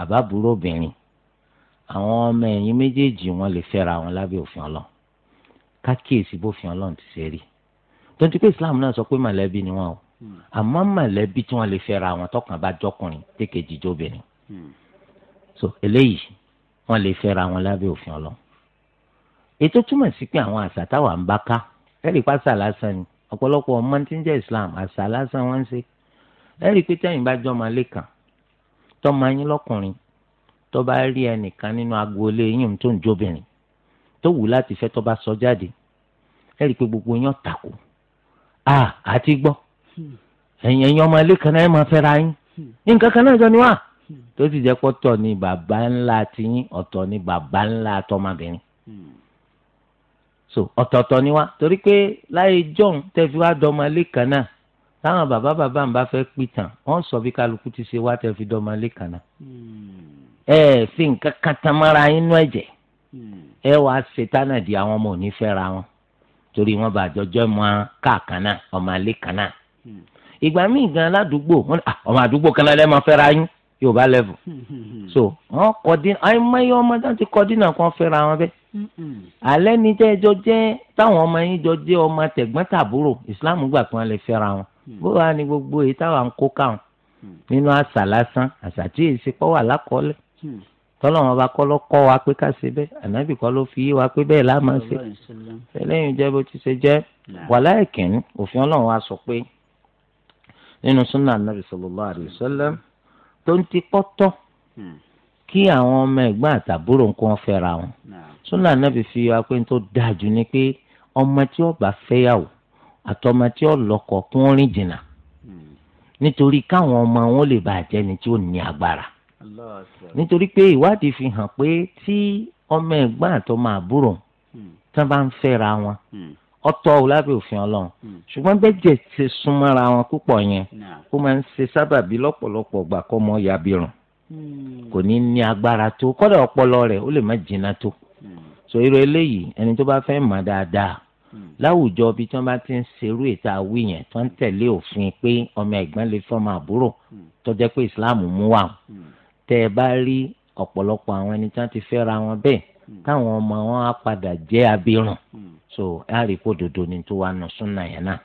àbábúrò obìnrin àwọn ọmọ ẹ̀yìn méjèèjì wọn lè fẹ́ra wọn lábẹ́ òfin ọlọ́run kákíyèsí bófin ọlọ́run ti ṣe rí i tonti pé islam náà sọ pé mọ̀lẹ́bí ni wọn o hmm. àmọ́ mọ̀lẹ́bí tí wọ́n lè fẹ́ra àwọn tọkàn bá jọkùnrin tékejì jóbìnrin hmm. so eléyìí wọ́n lè fẹ́ra wọn lábẹ́ òfin ọlọ́run ètò túmọ̀ sí pé àwọn àṣà táwa ń bá ká ẹ̀rí pásá lásán ni ọ̀pọ̀lọpọ̀ ọmọ tí ń jẹ́ islam àṣà lásán wọ́n ń ṣe ẹ̀rí pé tẹ́yìn bá jọ ọmọ lẹ́kàn tọ́mọ yín lọ́kùnrin tó bá rí ẹnìkan nínú agboolé yín tó ń jóbìnrin tó wù láti fẹ́ tó bá sọ jáde ẹ̀rí pé gbogbo yín ọ̀tàkùn a àti gbọ́ hmm. ẹ̀yin ẹ̀yin ọmọ ilé kan náà ẹ̀ máa fẹ́ra yín hmm. nǹkan kan náà jọ ni wá hmm. tó ti jẹ́ pọ́tọ̀ ni bàbá ńlá tiyín ọ̀tọ̀ ni bàbá ńlá tọmọbìnrin so ọ̀tọ̀ọ̀tọ̀ ni wá torí pé láyé john tẹ́fi wá dọmọ ilé kan náà táwọn bàbá bàbá ń bá fẹ́ pìtàn wọ́n sọ bí kálukú ti ṣe wá tẹ́fi dọmọ ilé kan náà ẹ fi nǹkan kan tamara yín nú ẹ̀jẹ̀ ẹ wàá ṣe tánàdì àwọn ọmọ ò ní wọn torí wọn bá àjọjọ mọ káàkánná ọmọ alẹ kánná ìgbà míì gan aládùúgbò wọn ni ọmọ àdúgbò kan lẹ máa fẹ́ra yín yóò bá lẹ́fù so wọn kọ dín àìmọye ọmọ náà ti kọ dínà kan fẹ́ra wọn bẹ́ẹ̀ alẹ́ ní tẹ́ ẹjọ́ jẹ́ táwọn ọmọ yín jọ jẹ́ ọmọ tẹ̀gbọ́n tàbúrò islam gbà kí wọ́n lè fẹ́ra wọn bó wàá ní gbogbo èyí táwọn kó káwọn nínú àṣà lásán àṣà tí èsì pọ̀ wà lákọ́ọ́lẹ̀ tọ́lọ́wọ́n bá kọ́ ló kọ́ wa pé ká ṣe bẹ́ẹ̀ ànábì kọ́ ló fi yí wa pé bẹ́ẹ̀ lá máa ṣe eléyìí jẹ́ bó ti ṣe jẹ́ wàláìkìn òfin ọlọ́run wa sọ pé nínú súnà ànábì sallallahu alaihi wasallam tó ń ti pọ́tọ́ hmm. kí àwọn ọmọ ẹ̀gbọ́n àtàbúrò nǹkan fẹ́ra wọn súnà ànábì fi wa pé tó dáa jù ni pé ọmọ tí ó bá fẹ́yàwó àtọmọ tí ó lọ́kọ kún rìn jìnnà hmm. nítorí káwọn ọmọ wọn lè bàjẹ́ ni tí ó ní agbára nítorí pé ìwádìí fi hàn pé tí ọmọ ẹ̀gbọ́n àtọmọ àbúrò hmm. tí wọ́n bá ń fẹ́ra wọn hmm. ọ̀tọ̀ ò lábẹ́ òfin Ọlọ́run hmm. ṣùgbọ́n bẹ́jẹ̀ ṣe súnmọ́ra wọn púpọ̀ yẹn ó máa ń ṣe sábàbí lọ́pọ̀lọpọ̀ gbà kọ mọ yabirùn kò ní ní agbára tó kódà ọpọlọ rẹ̀ ó lè má jìnnà tó so irú eléyìí ẹni tó bá fẹ́ mọ̀ dáadáa láwùjọ bí tí wọ́n bá ti ń ṣerú ètò àwí yẹn tó ń tẹ̀lé òfin pé ọmọ ẹ̀gbọ́n lè fọmọ àbúrò tó jẹ́ pé Islam mú wà tẹ́ ẹ bá rí ọ̀pọ̀lọpọ̀ àwọn ẹni tí wọ́n ti fẹ́ ra wọn bẹ́ẹ̀ hmm. táwọn ọmọ wọn á padà jẹ́ abirùn hmm. so á rí kó dodo ni tó wà nù súnà yẹn náà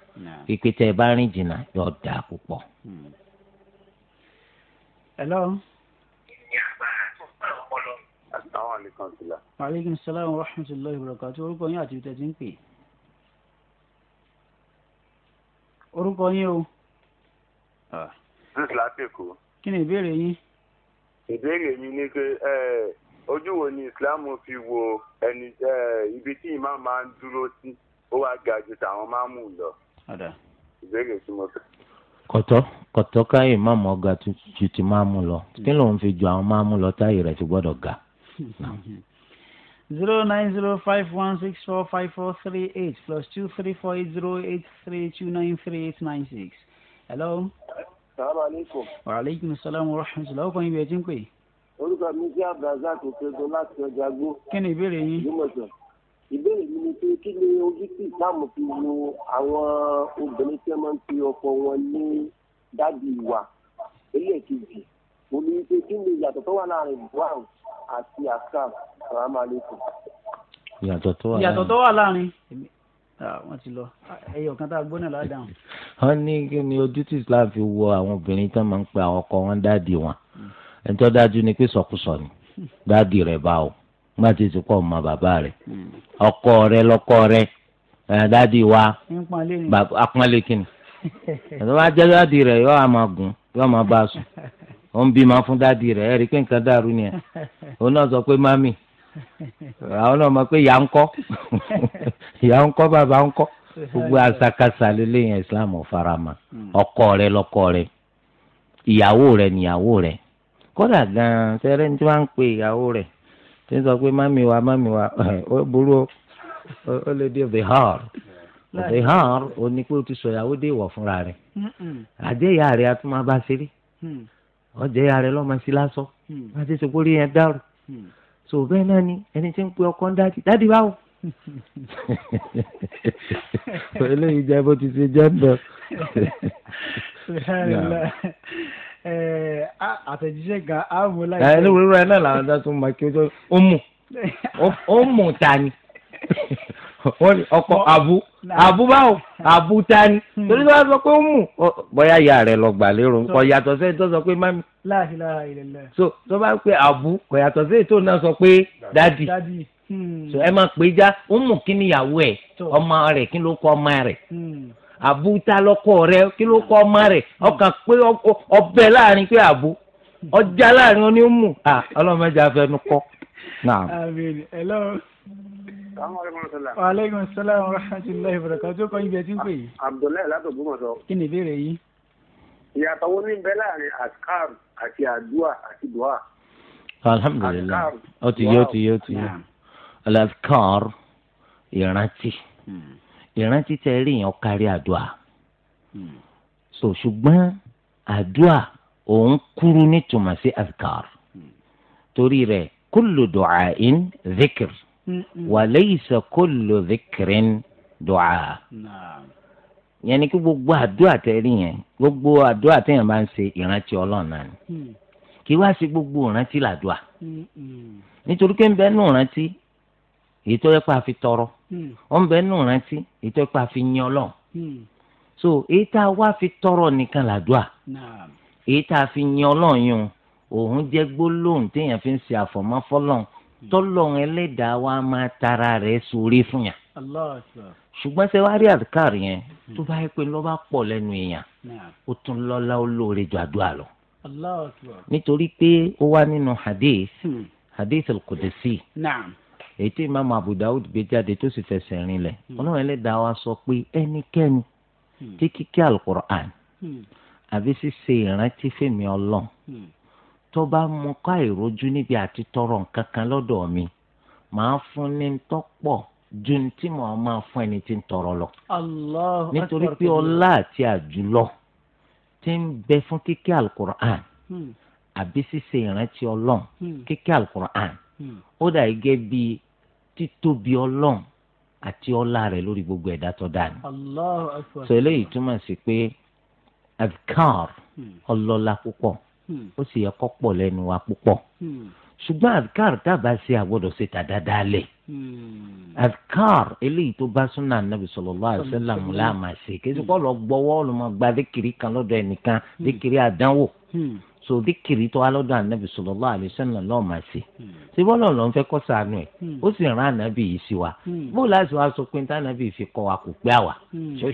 pípé tẹ́ ẹ bá rìn jìnnà yóò dáa púpọ̀. Hmm. hello. maaleykum salaam wa rahmatulahi wa barakatuh orúkọ yín àti ìtẹ̀sí ń pè. orúkọ yín o. Ah. kí ni ìbéèrè yín ìbéèrè mi ni pé ojú wo ni Islam fi wo ẹni ibi tí ìmá máa ń dúró sí ó wá ga ju tàwọn máàmù lọ ìbéèrè tí mo fẹ́. kọ̀tọ́ kọ̀tọ́ káyè máàmù ọ̀gá ju ti máàmù lọ hmm. kí lóun fi ju àwọn máàmù lọ táyì rẹ̀ ti gbọ́dọ̀ ga. zero nine zero five one six four five four three eight plus two three four eight zero eight three two nine three eight nine six. hello? Assalamu alaikum. Wa alaikum assalam wa rahmatullahi ọkọ yín bí ẹ ti ń pè. orúkọ mi jẹ́ abdulrasaq oṣooṣo láti ọjà gbó. kí ni ìbéèrè yín. ìbéèrè mi ni pé kí ni ojú tí ìsàmù fi wo àwọn obìnrin tí wọ́n fi ọkọ wọn ní dádì wa eléèkejì mo ní pé kí ni ìyàtọ̀ tó wà láàrin brown àti akram Assalamu alaikum. ìyàtọ̀ tó wà láàrin wọ́n ti lọ ẹyọ kan tá a gbóná ládàáhùn. wọ́n ní kí ni ojú tí islam fi wo àwọn obìnrin tó máa ń pe àwọn ọkọ wọn dáàdì wọn ẹni tó dájú ni pé sọkúsọ ni dáàdì rẹ̀ bá o má ti ti kọ́ ọmọ bàbá rẹ̀ ọkọ rẹ̀ lọ́kọ rẹ̀ dáàdì wa apọ́nlé kí ni ẹ̀sọ́ bá jẹ́ dáàdì rẹ̀ yóò máa gùn yóò máa bá a sùn ó ń bímọ fún dáàdì rẹ̀ ẹ̀rí pé nǹkan dàrú ni ẹ̀ òun náà sọ pé mami àwọn náà mọ̀ pé ìyá ń kọ́ ìyá ń kọ́ bàbá ń kọ́ gbogbo àṣàkáṣà lélẹ́yìn islam ọ̀farama ọkọ rẹ lọkọ rẹ ìyàwó rẹ níyàwó rẹ kódà gan-an sẹ́rẹ́ ní tí wọ́n ń pe ìyàwó rẹ tí ń sọ pé mami wa mami wa ó burú ó lè dé the hall the hall ó ní pé o ti sọ ìyàwó dé ìwọ̀ fúnra rẹ àjẹyà rẹ a tún ṣeré hmm. ọjẹyà rẹ lọ́ọ́ máa ṣí lásán hmm. máa sọ pé orí yẹn dárò so bẹ́ẹ̀ náà ni ẹni tí ń pe ọkọ ń dádì dádì báwo. eléyìí jẹ́ bó ti ṣe jẹ́ ń àtẹ̀jíṣẹ́ kan á mú láì. ẹ ní wúrúwúrú ẹ náà làwọn dá tún máa kí ó mú ó mú ta ọkọ abu abu báwo abu tani torí tó bá sọ pé ó mú bóyá ìyá rẹ lọ gbà lérò kò yàtọ̀ sí ètò sọ pé mami. so tó bá pé abu kò yàtọ̀ sí ètò náà sọ pé dadi hmm. so ẹ máa pè é já ó mú kí níyàwó ẹ ọmọ rẹ kí ló kọ ọmọ rẹ hmm. abu ta lọkọ rẹ kí ló kọ ọmọ rẹ hmm. ọkàn pé ọbẹ láàrin pé abu ọjà láàrin onímù ọlọmọdé afẹnukọ. Nah. I mean, hello aleykum salaam wa rahmatulahi wa barakatuh kọ́ ibi ẹtí ń pè yìí. abdullahi látògbómọ̀ṣọ́. kí ni ìbéèrè yìí. ìyàtọ̀ wo ní bẹ́ẹ̀ láàrin askar àti adua àti dua. alhamdulilayi ó ti yé ó ti yé ó ti yé alaskar ìrántí hmm. ìrántí tẹ rí yẹn kárí adua hmm. so ṣùgbọ́n adua òun kúrú nítumọ̀ sí askar hmm. torí rẹ̀ kullu du'ain dhikr walaysa kullu dhikrin du'a yẹn ni kí gbogbo àdúrà tẹ́rí yẹn gbogbo àdúrà tẹ́yìn bá ń ṣe ìrántí ọlọ́run náà ni hmm. kí wá sí gbogbo ìrántí làdúrà nítorí pé ń bẹ nù ìrántí èyí tó yẹ pé a fi tọrọ hmm. ó ń bẹ nù ìrántí èyí tó yẹ pé a fi yan ọlọ́run hmm. so èyí tá a wá fi tọrọ nìkan làdúrà èyí tá a fi yan ọlọ́run òun jẹ́ gbólóhùn téèyàn fi ń ṣe àfọ̀mọ́ Hmm. tọ́lọ́run ẹlẹ́dàá wa máa tara rẹ̀ sórí fún yàn. ṣùgbọ́n ṣe wá rí àdìkàr yẹn hmm. tó bá yẹ pé lọ́ba pọ̀ lẹ́nu èèyàn ó tún lọ́lá ó lóore ju àdúrà lọ. nítorí pé ó wá nínú hadith hmm. hadith al-qudsi èyí tí imaamu abu dawud gbé jáde tó sì fẹsẹ̀ rin lẹ̀ ọlọ́run ẹlẹ́dàá wa sọ pé ẹnikẹ́ni tí kíkẹ́ alukur'an àbí ṣíṣe ìrántí fèmí ọlọ́run tó bá mú ká ìrojú níbi àti tọrọ nǹkan kan lọ́dọ̀ mi màá fún ní tọ́pọ̀ ju ní tí màá máa fún ẹni tí ń tọrọ lọ. nítorí pé ọlá àti àjùlọ ti ń bẹ fún kíké alukur'an hmm. àbí ṣíṣe ìrántí ọlọ́run hmm. kíké alukur'an hmm. ó dà gẹ́gẹ́ bí títóbi ọlọ́run àti ọlá rẹ̀ lórí gbogbo ẹ̀dá tó dá sọ eléyìí túmọ̀ sí pé adkar ọlọ́lá púpọ̀. Hmm. Hmm. ó sì yẹ kọ́ pọ̀ lẹ́nu wa púpọ̀ hmm. ṣùgbọ́n adkar dábàá sí àgbọ̀dọ̀ ṣe tà dáadáa lẹ̀ adkar hmm. eléyìí tó bá súnà nàbì sallallahu alaihi wasallam láàmà ṣe kí ẹ ti kọ́ lọ gbọ́wọ́ lọ́mọ gba dékìrí kan lọ́dọ̀ ẹnìkan dékìrí àdánwò so díkìrì tó alọ́dọ̀ ànábì sallallahu alaihi wasallam wa kò máa ṣe ṣé bọ́lá ọ̀lọ́ ń fẹ́ kọ́ sànú ẹ̀ ó sì rán ànábì yìí sí wa bó láti wá sọ pé tànábì fi kọ́ waa kò pé àwà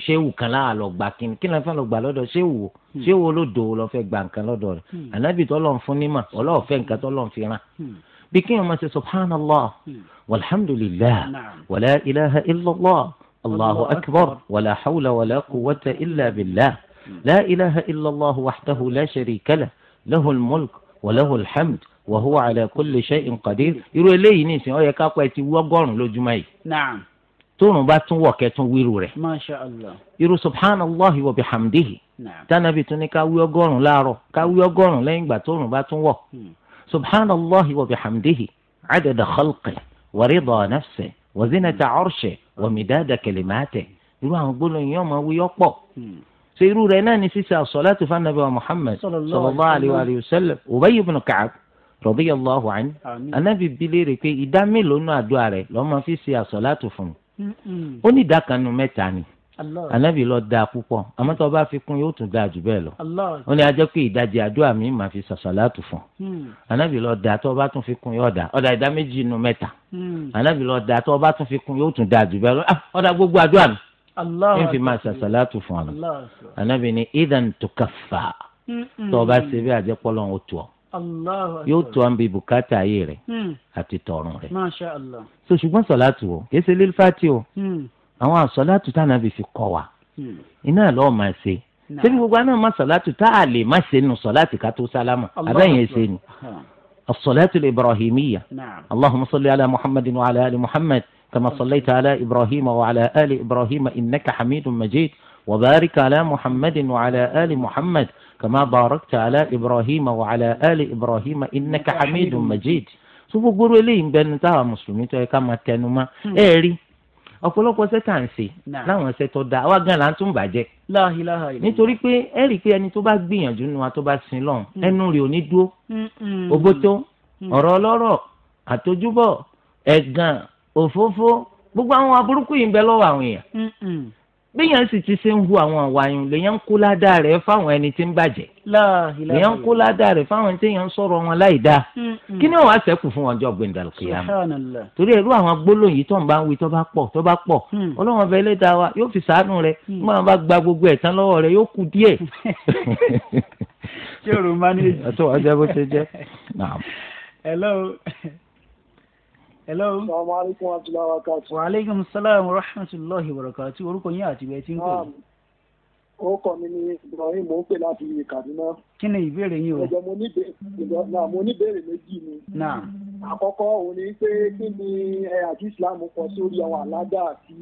ṣéwù kan láà lọ gbà kíni kí ló fẹ́ lọ gbà lọ́dọ̀ ṣéwù wo ṣéwù olódò lọ fẹ́ gbà nǹkan lọ́dọ̀ rẹ̀ ànábì tọ́lọ́run fún nímọ̀ ọlọ́ọ̀fẹ́ nǹkan tọ́lọ́run fi rán laa lo gba ni ki lo fe kí wọ́n máa ran bi ki won maa ilaha illallah allahu akbar wala hawla lahu al-mulk wa lahu al-hamd wa huwa ala kulli shay'in qadir irú eléyìí nìsín ó yẹ ká pa ẹtì wọ́gọ́rùn lójúmọ́ yìí. naam. tóun bá tún wọ̀ kẹtún wíru rẹ̀. masha allah. irú subhanallah wa bihamdihi. naam. tánàbí tún ní ká wí ọgọ́rùn láàárọ̀ ká wí ọgọ́rùn lẹ́yìn ìgbà tóun bá tún wọ̀. Hmm. subhanallah wa bihamdihi adada khalqi wa rida nafsi wa zinata arshi wa midada kalimati irú àwọn gbólóyìn yóò máa wí ọ̀pọ̀ ṣe irú rẹ̀ náà ni ṣíṣe àṣọlátù fún anabi wa muhammed sallallahu alayhi wa sallam Ubay ibn Ka'b radiyallahu anhu anabi bi léèrè pé ìdá mélòó nù àdúrà rẹ̀ ló máa fi ṣe àṣọlátù fún un ó ní ìdá kan nù mẹ́ta ni anabi ló dáa púpọ̀ àmọ́ tó bá fi kún yóò tún dáa jù bẹ́ẹ̀ lọ ó ní ajẹ́ pé ìdajì àdúrà mi máa fi ṣàṣàlátù fún anabi mm. ló dáa tó bá tún fi kún yóò dáa ọ̀dà ìdá méjì nínú mẹ́ta anabi mm. ló dáa tó bá tún fi kún yóò tún dáa jù bẹ́ẹ̀ lọ ọ̀dà ah, gbogbo àdúrà mi ń fi máa ṣàṣàlátù fún ọ lọ ànábì ní idan tukaffa tó o bá ṣe bí àjẹpọlọ ń tu ọ yóò tu ọ bí bùkátà ayé rẹ mm. àti tọrùn rẹ so ṣùgbọ́n sọ̀látù o kìí ṣe lílfàtì o mm. àwọn àsọ̀látù tànàbì fi kọ́ wa mm. iná lọ́ọ́ máa ṣe ṣebí gbogbo aná ma sọ̀látù tá a lè má ṣe nu sọ̀látù ká tó sálámà abẹ́yẹn ṣe ni as-salatu al-ibrahimiyya allahumma salli ala muhammadin wa ala muhammad. كما صليت على إبراهيم وعلى آل إبراهيم إنك حميد مجيد وبارك على محمد وعلى آل محمد كما باركت على إبراهيم وعلى آل إبراهيم إنك حميد مجيد sọ́kò gbóró eléyìí ń bẹnu táwa mùsùlùmí tó yẹ ká máa tẹnu mọ́ hmm. ẹ rí ọ̀pọ̀lọpọ̀ ṣẹ́ tà ń ṣe láwọn ṣẹ́ tó da àwa gan la ń tún bàjẹ́ nítorí pé ẹ rí i pé ẹni tó bá gbìyànjú nu wa tó bá sin lọ́hùn hmm. ẹnu rẹ̀ ò ní dúró hmm, òbótó ọ̀rọ̀ ọlọ́rọ̀ àtojúbọ̀ ẹ̀gàn òfófó gbogbo àwọn aburúkú yìí ń bẹ lọ́wọ́ àwọn èèyàn bíyàn sì ti ṣe ń hu àwọn àwàyàn lèyàn ń kó ládàá rẹ fáwọn ẹni tí ń bàjẹ́ lèyàn ń kó ládàá rẹ fáwọn ẹni tí yàn ń sọ̀rọ̀ wọn láì dáa kí ni wàá ṣẹ́kù fún ọjọ́ gbẹ̀ndàlù kìyàmù torí ẹ̀rú àwọn gbólóyìn tó ń bá ń wí tó bá pọ̀ tó bá pọ̀ hmm. ọlọ́wọ́n bẹ lẹ́dàá wa yóò fi sàánú rẹ nígbà hmm. wọn bá gba gbogbo ẹ̀tán lọ́wọ́ rẹ yóò kù díẹ̀. ṣé o máa ní hello. salaamaleykum wa rahmatulahi wa barakatu. wa aleykum salaam wa rahmatulahi wa barakatu orúkọ yín àti ìwé tí ń pè. ó kọ́ mi ní Ibrahim ó pè láti ìwé Kaduna. kí ni ìbéèrè yín o. ẹ̀jẹ̀ mo ní ìbéèrè méjì ni. náà. àkọ́kọ́ òun ni pé kí ni eh, àti Islam kọ sórí àwọn alága àti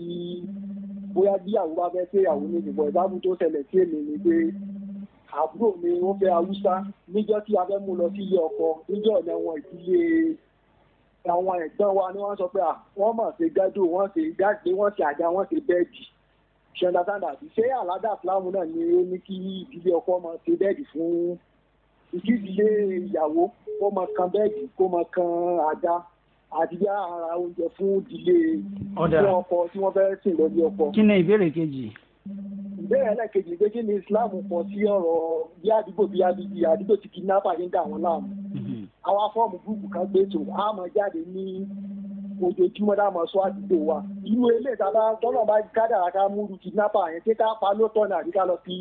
bóyá bí àwọn bá fẹ́ pé àwọn ní ìbọn ìbámu tó ṣẹlẹ̀ sí èmi ni pé àbúrò mi ó fẹ́ Haúsá níjọ́ tí a fẹ́ mú lọ sí ilé ọkọ níjọ́ ọ̀nà wọn ìdílé àwọn ẹ̀gbọ́n wa ni wọ́n sọ pé wọ́n mọ̀ sí gádù wọ́n sì gáàsì wọ́n sì àga wọ́n sì bẹ́ẹ̀dì ṣọ̀ndàtàndà ṣé àládà fúlàmù náà ni ó ní kí ìdílé ọkọ máa ṣe bẹ́ẹ̀dì fún ìdílé ìyàwó kó máa kan bẹ́ẹ̀dì kó máa kan àga àti bí ara oúnjẹ fún ìdílé ilé ọkọ tí wọ́n fẹ́ sìn lọ ilé ọkọ. kí ni ìbéèrè kejì. ìbéèrè ẹlẹ́kejì pé kí ni Islam kọ sí ọ̀rọ̀ bí àdúgbò bí àdúgbò tí kidnapper àwa fọ́ọ̀mù gúrùpù kan gbé tó a máa jáde ní ojoojúmọ́ dáàmú sọ àdúgbò wa irú eléyìí tá a bá tọ́nà bá kádàrá ká múlu kidnapper yẹn ṣé ká pa ló tọ̀nà àbí ká lọ fi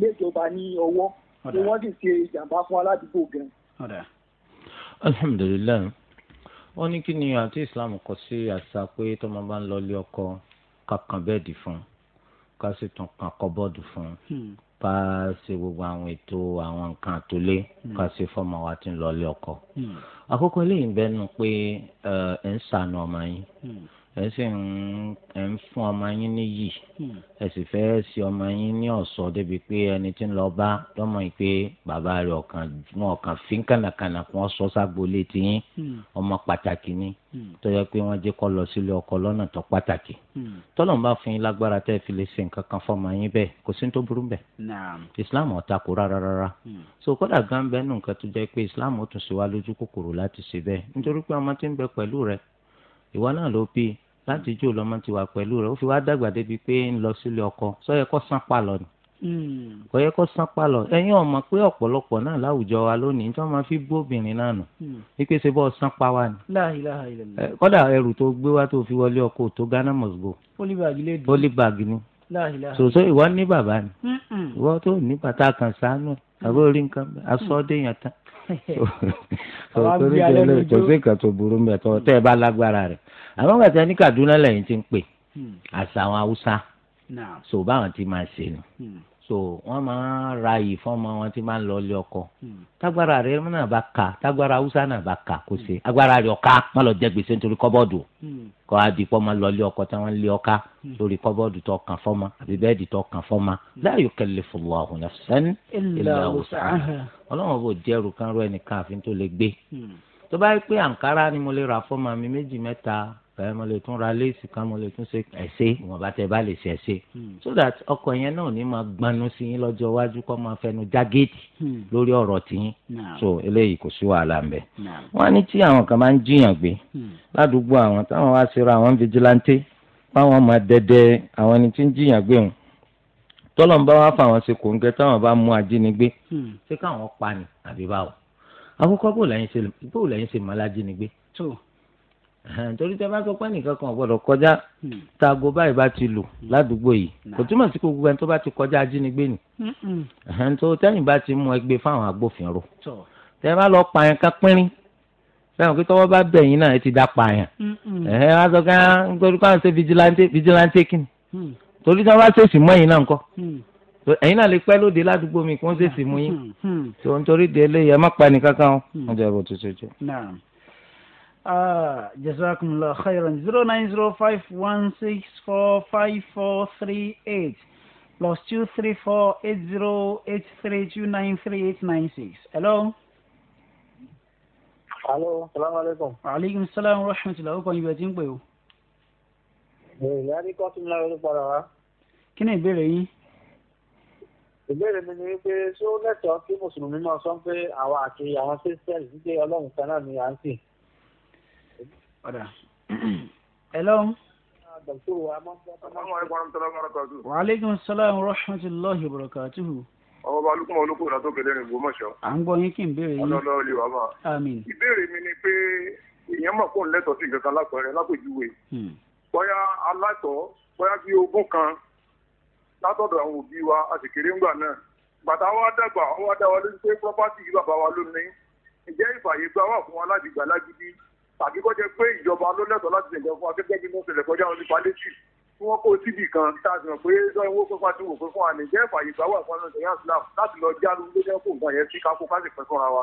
léjọba ní ọwọ́ ni wọ́n sì ṣe ìjàmbá fún aládùúgbò gan. alhamdulilayi wọn ní kí ni àti islam kọ sí àṣà pé tọmọ bá ń lọ ilé ọkọ kankan bẹ́ẹ̀ dì fún un kankan bọọdù fún un hmm ká ṣe gbogbo àwọn ètò àwọn nǹkan àtòlé hmm. ká ṣe fọmọ wa ti ń lọ ilé ọkọ hmm. àkókò eléyìí ń bẹnu pé ẹ ń ṣàánú ọmọ yín hmm. ẹ sì ń ẹ ń fún ọmọ yín níyì hmm. ẹ sì fẹ́ ṣe ọmọ yín ní ọ̀ṣọ́ débi pé ẹni tí ń lọ bá lọ́mọ yìí pé bàbá rẹ̀ ọ̀kan fi ń kànàkànà kí wọ́n hmm. ọmọ pàtàkì ni hmm. tó yẹ pé wọ́n jẹ́ kọ́ lọ ọkọ lọ́nà tó pàtàkì fún yín lágbára tẹ́ ẹ fi kan fọmọ yín bẹ́ẹ̀ kò sí ní tó burú bẹ́ẹ̀ Islam ò rárá so ìwọ náà ló bí láti jó lọ́mọ ti wà pẹ̀lú rẹ̀ ó fi wá dàgbà débi pé ń lọ sílé ọkọ sọ́yẹ kó sán palọ̀ ni hmm. kò yẹ kó sán palọ̀ ẹ̀yin ọmọ pé ọ̀pọ̀lọpọ̀ náà láwùjọ wa lónìí tí wọ́n máa fi bú obìnrin náà nù hmm. wípé ṣe bọ́ sán pa wa ni kódà ẹrù tó gbé wá tó fi wọlé ọkọ tó Ghana must go olibag ni sòsò ìwọ ní bàbá ni hmm, ìwọ tó ní bàtà kan sànú àbórí nǹkan asọ́déyàn tán torí délé kò sí ìkà tó burú mbẹ tó tẹ ẹ bá lágbára rẹ àwọn gbàtà ní Kaduna lẹ́yìn ti ń pè hmm. àṣà àwọn Haúsá so báwọn ti máa ṣe ni hmm so wọ́n máa ra yìí fọ́mọ wọn tí máa ń lọ ilé ọkọ hmm. tágbára rẹ náà bá kà tágbára haúsá náà bá kà kó ṣe agbára rẹ ọ̀ka má lọ jẹ gbèsè nítorí kọ́bọ́ọ̀dù hmm. kọ́ adìpọ́ máa lọ ilé ọkọ táwọn lé ọ̀ka lórí hmm. kọ́bọ́ọ̀dù tó kàn fọ́mọ àbí bẹ́ẹ̀dì tó kàn fọ́mọ la yukallifullahu nafsan illa wus'aha ọlọ́run bò jẹ́rù kan rọ ẹnìkan àfi tó lè gbé tó bá yẹ pé àǹkárá ni mo lè ra fọ́mọ ẹ mo lè tún ra léèsì kan mo lè tún ṣe ẹsẹ ìwọ̀nba tẹ bá lè ṣe ẹsẹ hmm. so that ọkọ yẹn náà ní máa gbanú sí yín lọ́jọ́ iwájú kó máa fẹnu jágéètì hmm. lórí ọ̀rọ̀ tiyín so eléyìí kò sí wàhálà ń bẹ. wọ́n á ní tí àwọn kan máa ń jiyàn gbé hmm. ládùúgbò àwọn táwọn wá síra àwọn fijilanté báwọn máa dẹdẹ àwọn ẹni tí ń jiyàn gbé wọn tọ́lọ́mùbá wá fáwọn ṣe kò ń gẹ táwọn bá mú ajínigbé ṣé káwọn pa ni àbí báwo àkọ́kọ́ bó lẹ́yìn ṣe mọ́ alájínigbé torí tẹ bá sọ pé nìkan kan gbọ́dọ̀ kọjá hmm. tago báyìí bá ti lù hmm. ládùúgbò yìí kò túmọ̀ sí gbogbo ẹni tó bá ti kọjá ajínigbé ni tó tẹ́yìn bá ti mú ẹgbẹ́ fáwọn agbófinró tẹ bá lọ pààyàn ká pínrín fẹ́ràn pé tọ́wọ́ bá bẹ̀yìn náà ẹ ti dá pààyàn ẹ̀hẹ́ wá sọ ká ah, nítorí pé àwọn ṣe vigilante vigilante kìnnì hmm. torí tọ́wọ́ bá ṣèṣì mọ́ ẹ̀yìn náà ńkọ́ ẹ̀yin náà lè pẹ́ lóde ládùúgbò mi kí wọ́n ṣèṣì mú yín tó nítorí délé ẹ má pa nìkan kan ó ń jẹ́ bó ti ṣe jẹ́. Ah, jazakumullah khairan zero nine zero five one six four five four three eight plus two three four eight zero eight three two nine three eight nine six. Hello. Alo, salamu alaikum. Aleykum salaam wa rahmatulah, ó kàn yín bí ẹ ti ń pè o. Ìyá ní kọ́tùmí lára ló padà wá. Kí ni ìbéèrè yín? Ìbéèrè mi ni wípé ṣé ó lẹ́tọ̀ọ́ kí Mùsùlùmí máa sọ pé àwa àti àwọn Christian ti dé Ọlọ́run kan náà ni à ń sìn? ọ̀dà hello. wa aleykum salaam wa rahmatulahi wa barakatuhu. ọba alukuma olóko ìlà tó kẹlẹ ní Ògbómọ̀ṣọ́. à ń gbọ́ yín kí n béèrè yín. ọlọ́lọ́ olè wà bá. àmín. ìbéèrè mi ni pé èèyàn mọ̀ fóun lẹ́tọ̀ọ́ sí nǹkan kan lápẹ̀rẹ̀ lápèjúwe. Hmm. bóyá alátọ̀ bóyá bíi ogún kan látọ̀dọ̀ àwọn òbí wa àti kéré ńgbà náà bàtà wa dàgbà wa dá wa lójú pé pọ́pátì yìí bàbá wa ló ní ìfàyè gbà wà fún wa láti gbà lágídí tàbí kọ́ jẹ́ pé ìjọba ló lẹ́tọ̀ọ́ láti ṣèjọba fún akẹ́kẹ́ bí wọ́n ṣẹlẹ̀ kọjá onípa létí tí wọ́n kó síbì kan tá a sì mọ̀ pé ẹjọ́ ìwó pípa tí wò pé fún àná ìjẹ́ ìfàyè ìgbà wà fún ọ̀nà ìyá islam láti lọ já ló lé kó nǹkan yẹn sí kákó ká sì pẹ́ fúnra wa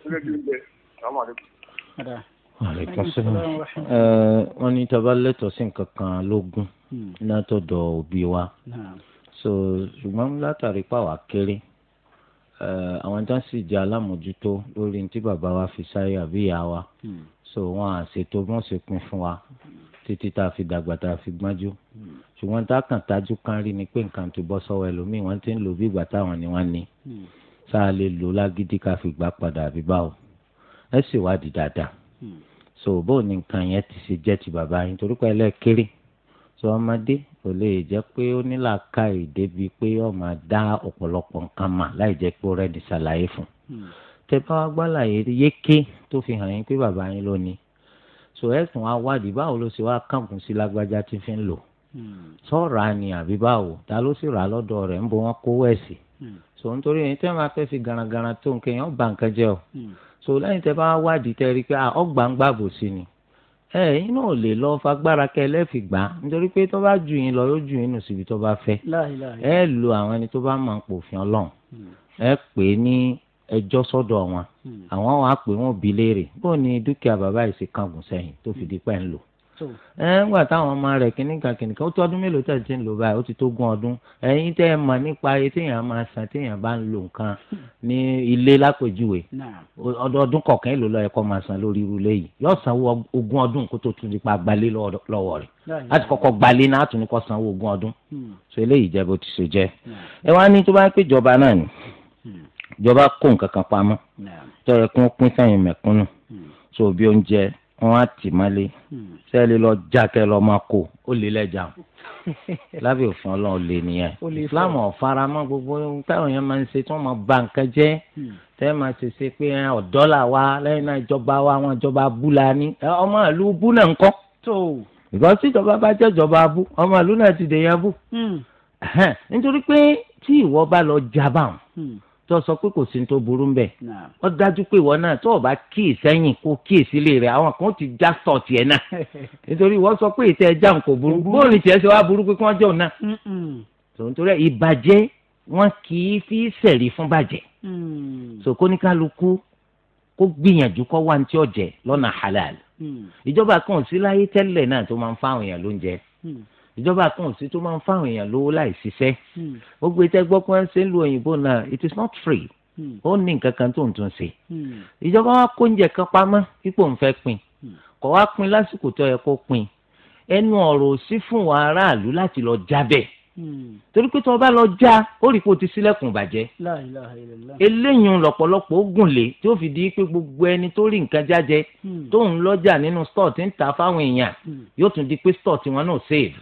sílé bí oúnjẹ sàmú àlékún. wọ́n ní tá a sí nǹkan kan lógún hmm. látọ̀dọ̀ òbí wa ṣùgbọ́n látàrí pàwá kéré àwọn tá a alámòjútó lórí ní so wọn à ṣètò bí wọn ṣe pin fún wa títí tá a fi dàgbà tá a fi gbájú ṣùgbọ́n tá a kàn tájú kan rí ni pé nǹkan ti bọ́ sọ́wọ́ ẹlòmíì wọ́n ti ń lò bí ìgbà táwọn ni wọ́n ní tá a lè lò lágídí ká fi gbà padà àbí báwo ẹ sì wádìí dáadáa so bó ni nǹkan yẹn ti ṣe jẹ́ ti bàbá yín torí pé ẹlẹ́ẹ̀kéré so ọmọdé kò lè jẹ́ pé ó ní làákàyè débi pé ó máa dá ọ̀pọ̀lọpọ̀ nǹkan mà láì jẹ́ pé ó rẹ́ni ṣàlàyé fún un tẹ̀bá wá gbàlàyé yéké tó fi hàn yín pé bàbá yín ló ní so ẹ̀sùn wa wádìí báwo ló ṣe wá kàǹkùn sí lágbájá tí fi ń lò hmm. sọ̀rọ̀ ni àbí báwo ta ló sì rà lọ́dọ̀ rẹ̀ ń bọ wọn kówó ẹ̀sìn hmm. so nítorí ẹ̀yin tẹ́ máa fẹ́ fi garagara tó nǹkan yẹn ó bà nǹkan jẹ́ o hmm. so lẹ́yìn tẹ́ bá wádìí tẹ́ rí i pé ọgbàǹgbà bò sí ni ẹ̀yin náà lè lọ fagbára kẹ lẹ́ẹ̀fì gbà nítorí pé tó bá ju yín lọ yóò ju yín nù síbi tó bá fẹ́ ẹ lo àwọn ẹni tó bá máa ń pòfin ọlọ́run ẹ pè é ní ẹjọ́ sọ́dọ̀ wọn hmm. àwọn wọn á pè wọ́n bi léèrè bóun ni dúkìá bàbá yìí ṣe kángun sẹ́yìn tó fi di pẹ́ ń lò ẹ̀ẹ́ngbà táwọn ọmọ rẹ̀ kìnnìkan kìnnìkan ó tó ọdún mélòó tẹ̀ ti ń lò báyìí ó ti tó gún ọdún ẹ̀yin tẹ́ ẹ mọ̀ nípa ayé téèyàn máa san téèyàn bá ń lo nǹkan hmm. ní ilé lápèjúwe ọdún kọ̀ọ̀kan èlò lọ́ọ́ ẹ̀kọ́ máa san lórí irú léyìí yóò sanwó ogún ọdún kó tó tún di gbalé lọ́wọ́ rẹ̀ láti kọ́kọ́ gbalé náà tún ní kó sanwó ogún ọdún hmm. so eléyìí jẹ́ bó ti ṣe jẹ́ ẹ wá ní tó bá pèjọba náà ni ìjọba kó nǹkan kan pamọ́ tọ́yẹ kí wọ́n pín sẹ́yìn mẹ̀kúnnù hmm. so bí oúnjẹ wọn á tì mọ́lé sẹ́ẹ̀lì hmm. lọ jákẹ́ lọ máa kó ó lè lẹ́jà o lábẹ́ òfin ọlọ́run lè nìyẹn islam ọ̀faramọ́ gbogbo táwọn yẹn máa ń ṣe tí wọ́n máa ba nǹkan jẹ́ hmm. tẹ́ máa ṣe ṣe pé ọ̀dọ́ wa lẹ́yìn náà ìjọba wa àwọn ìjọba abú la ní ọmọ ìlú bú náà ń kọ́ ìgbọ́n tí ìjọba bá jẹ́ ìjọba abú ọmọ ìlú náà ti dèyàn bú nítorí pé tí ìwọ bá lọ jábà tó sọ pé kò sí ní tó burú mbẹ ó dájú pé ìwọ náà tó o bá kíì sẹ́yìn kó kíì sílé rẹ àwọn kan ti já sọ tiẹ̀ náà nítorí ìwọ sọ pé ìtẹ ẹja kò burú bóòlù tiẹ̀ ṣe wá burú pé kí wọn jẹun náà tòun torí ẹ ìbàjẹ́ wọn kì í fi sẹ̀rí fún bàjẹ́ mm. sòkó ní kálukú kó gbìyànjú kó wá ní tí ó jẹ lọ́nà halal mm. ìjọba kan ò sí láyé tẹ́lẹ̀ náà tó máa ń fáwọn èèyàn lóúnjẹ mm ìjọba kan sí tó máa ń fáwọn èèyàn lówó láì ṣiṣẹ́ hmm. gbogbo ìtẹ́ pé ń ṣe ń lu òyìnbó náà it is not free hmm. ó ní nǹkan kan tó ń tún ṣe hmm. ìjọba wa kó oúnjẹ kan pamọ́ ipò ń fẹ́ pin kò wá pin lásìkò tó yẹ kó pin ẹnu ọ̀rọ̀ sí fún wa aráàlú láti lọ jábẹ̀ torí pé tí wọn bá lọ já ó rí i pé o ti sílẹ̀kùn bàjẹ́ eléyìí lọ́pọ̀lọpọ̀ ogun lè tí ó fi di pé gbogbo ẹni tó rí nǹkan jájẹ tó lọ́jà nínú stọọ tí ń ta fáwọn èèyàn yóò tún di pé stọọ tiwọn náà save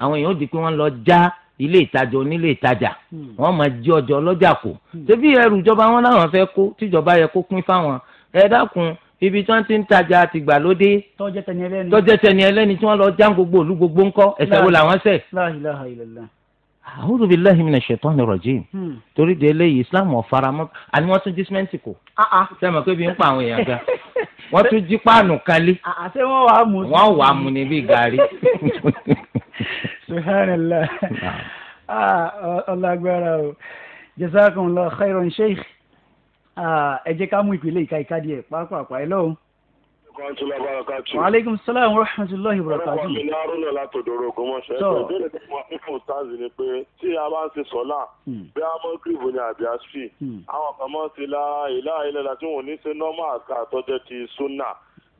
àwọn èèyàn di pé wọ́n lọ já ilé ìtajà onílé ìtajà mm. wọ́n máa jí ọjà ọlọ́jà kù mm. ṣebí ẹrù ìjọba wọn làwọn fẹ́ kó tíjọba yẹ kó pín fáwọn ẹ dákun ibi tí wọ́n ti ń tajà àtìgbàlódé tọ́jẹ́ tẹni ẹlẹ́ni tí wọ́n lọ já gbogbo òlu gbogbo ńkọ́ ẹ̀ṣẹ̀ wo làwọn ṣẹ̀. la ilaha illallah àhúrò bíi lẹ́yìn mi nà ṣètò ọ̀nà rọ̀jì torí de eléyìí islam ọ̀fara mọ́ àní wọ́n tún jí símẹ́ǹtì kù sẹ́mi ah, ah. pé bí ń pa àwọn èèyàn ga wọ́n tún jí páànù kan lé ah, wọ́n wà á mu níbi gàrí subhanallah ọlágbára ah, o jazakumullahu khairan sheikh ah, ẹ jẹ́ ká mú ìpínlẹ̀ ìka ìka díẹ̀ pàápàá ẹ lọ́wọ́. Waaleykum salaam wa rahmatulahi wa barakatuh. Ọlọ́run mi ní Arúnà látòdòrò Ògbómọ̀ṣẹ́. Ẹgbẹ́ ìbéèrè tí wọ́n fi fún Tazì ni pé tí a bá ń ṣe sọ́lá, hmm. bí a mọ́ gírìbù ni àbí asfi, hmm. àwọn kan mọ́ sí la ìlà ìlẹ̀lá tí wọ́n ní ṣe nọ́mà àti àtọ́jẹ́ ti súnà.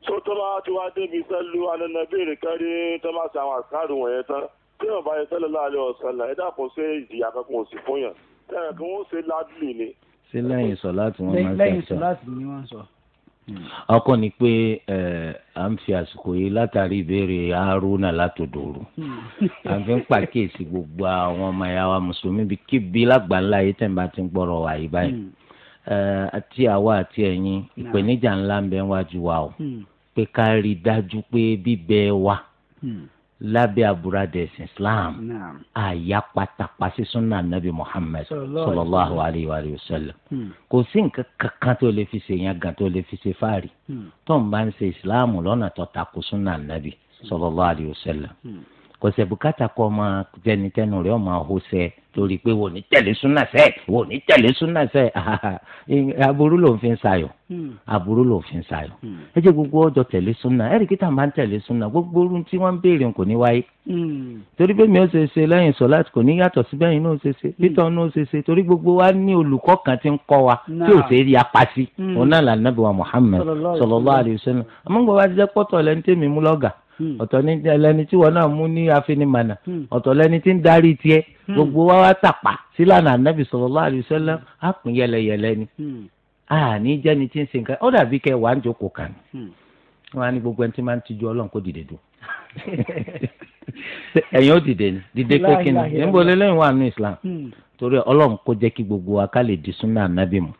Tó tó bá ti wá débi sẹ́lú ananabi ìrìkẹ́rí tó bá ṣe àwọn àṣàrò wọ̀nyẹn tán tí wọn bá yẹ sẹlẹ láàlẹ ọsàlà ẹ dàpọ̀ sí ìjìyà kankan òsì fún yàn ẹ kí wọn ṣe ládùlì ni. ṣé lẹ́yìn sọ láti wọn máa sọ ọkọ ni pé ẹ à ń fi àsìkò yìí látàrí ìbéèrè haruna látòdòrò à ń fi ń pàkíyèsí gbogbo àwọn ọmọ ẹ̀yà wa mùsùlùmí bíi kíbi lágbàńlá yìí tẹ̀ ń bá ti ń gbọ́rọ̀ wà yìí báyìí hmm. àti àwa àti ẹ̀yin ìpèníjà ńlá ń bẹ wájú wa o hmm. pé ká rí i dájú pé bíbẹ wa. Hmm lábẹ́ àbúradà ẹ̀sìn islam àyà pátápá sí sunna anabi muhammed sallallahu alayhi wa sallam hmm. kò sí nǹkan kankan tó lè fi ṣe yẹn gan tó lè fi ṣe fáàrí hmm. tó ń bá ń ṣe islam lọ́nà tó takò sunna anabi hmm. sallallahu alayhi wa sallam kò sẹ̀ bùkátà kọ́ ọmọ jẹnitẹ́nu rẹ̀ ọmọ àhóṣẹ́ lórí pé wò ní tẹ̀lé súnà sẹ́ wò ní tẹ̀lé súnà sẹ́ aburú ló ń fi ṣayọ̀ hmm. aburú ló ń fi ṣayọ̀ hmm. ẹ jẹ́ gbogbo ọjọ́ tẹ̀lé súnà ẹ̀rí kí táwọn bá ń tẹ̀lé súnà gbogbo orun tí wọ́n ń béèrè kò ní wáyé hmm. torí bẹ́ẹ̀ mi ó ṣe ṣe lẹ́yìn sọ láti kò ní yàtọ̀ sí bẹ́yìn náà ó ṣe ṣe pítọ̀ náà ó ṣe ṣe torí gbogbo wa ní olùkọ́ kan tí ń kọ́ wa tí ò ṣe rí apá sí òun náà là Hmm. ọ̀tọ̀ ní ẹlẹ́ni tí wọn náà mú ní afinimànà hmm. ọ̀tọ̀ lẹ́ni tí ń darí tiẹ̀ hmm. gbogbo wa wá tàpá sílànà anabi sallallahu alaihi wasallam á pín yẹlẹyẹlẹ ni àní jẹ́ni tí ń ṣe nǹkan ó dàbí kẹ wàá ń jókòó kan wọn á ní gbogbo ẹni tí máa ń tijú Ọlọ́run kó dìde dùn ẹ̀yin ó dìde ni dìde pé kí ni níbo lélẹ́yìn wà ní Islam torí Ọlọ́run kó jẹ́ kí gbogbo wa ká lè di súnà nábì mu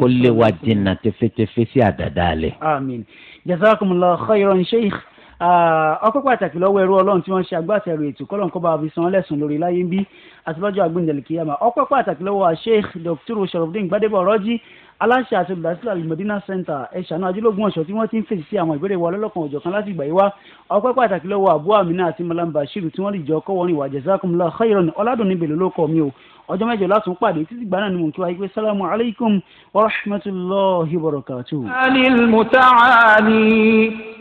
kó lè wa dènà tẹfẹtẹfẹ sí àdàdà alẹ. Àmín. Jazakumullahu khairan Sheikh. Ah, ọpẹ́ pàtàkì lọ́wọ́ ẹrú ọlọ́run tí wọ́n ṣe agbátẹrù ètò kọ́lọ́n kọ́ba àfi san lórí láyé ń bí àti lọ́jọ́ àgbéǹdẹ̀lì kìyàmà ọpẹ́ pàtàkì lọ́wọ́ sheikh dr sharafdin gbadebo ọ̀rọ́jì aláṣẹ àti olùdásílẹ̀ alimọ̀dínà center ẹ̀ṣánú ajílógún ọ̀ṣọ́ tí wọ́n ti ń fèsì sí àwọn ìbéèrè wa ọlọ́lọ́kan òjọ̀kan láti ìgbà yìí wá ọpẹ́ pàtàkì lọ́wọ́ abu amina àti malam bashir tí wọ́n lè jọ kọ́ wọrin ìwà jazakumullahu khairan ọ̀làdùnní bèlò ló kọ́ mi o ọjọ́ mẹ́jọ látún pàdé títí gbaná ni mò ń kí wa yí pé sálámù alaykum wa rahmatulahi wa barakatuhu.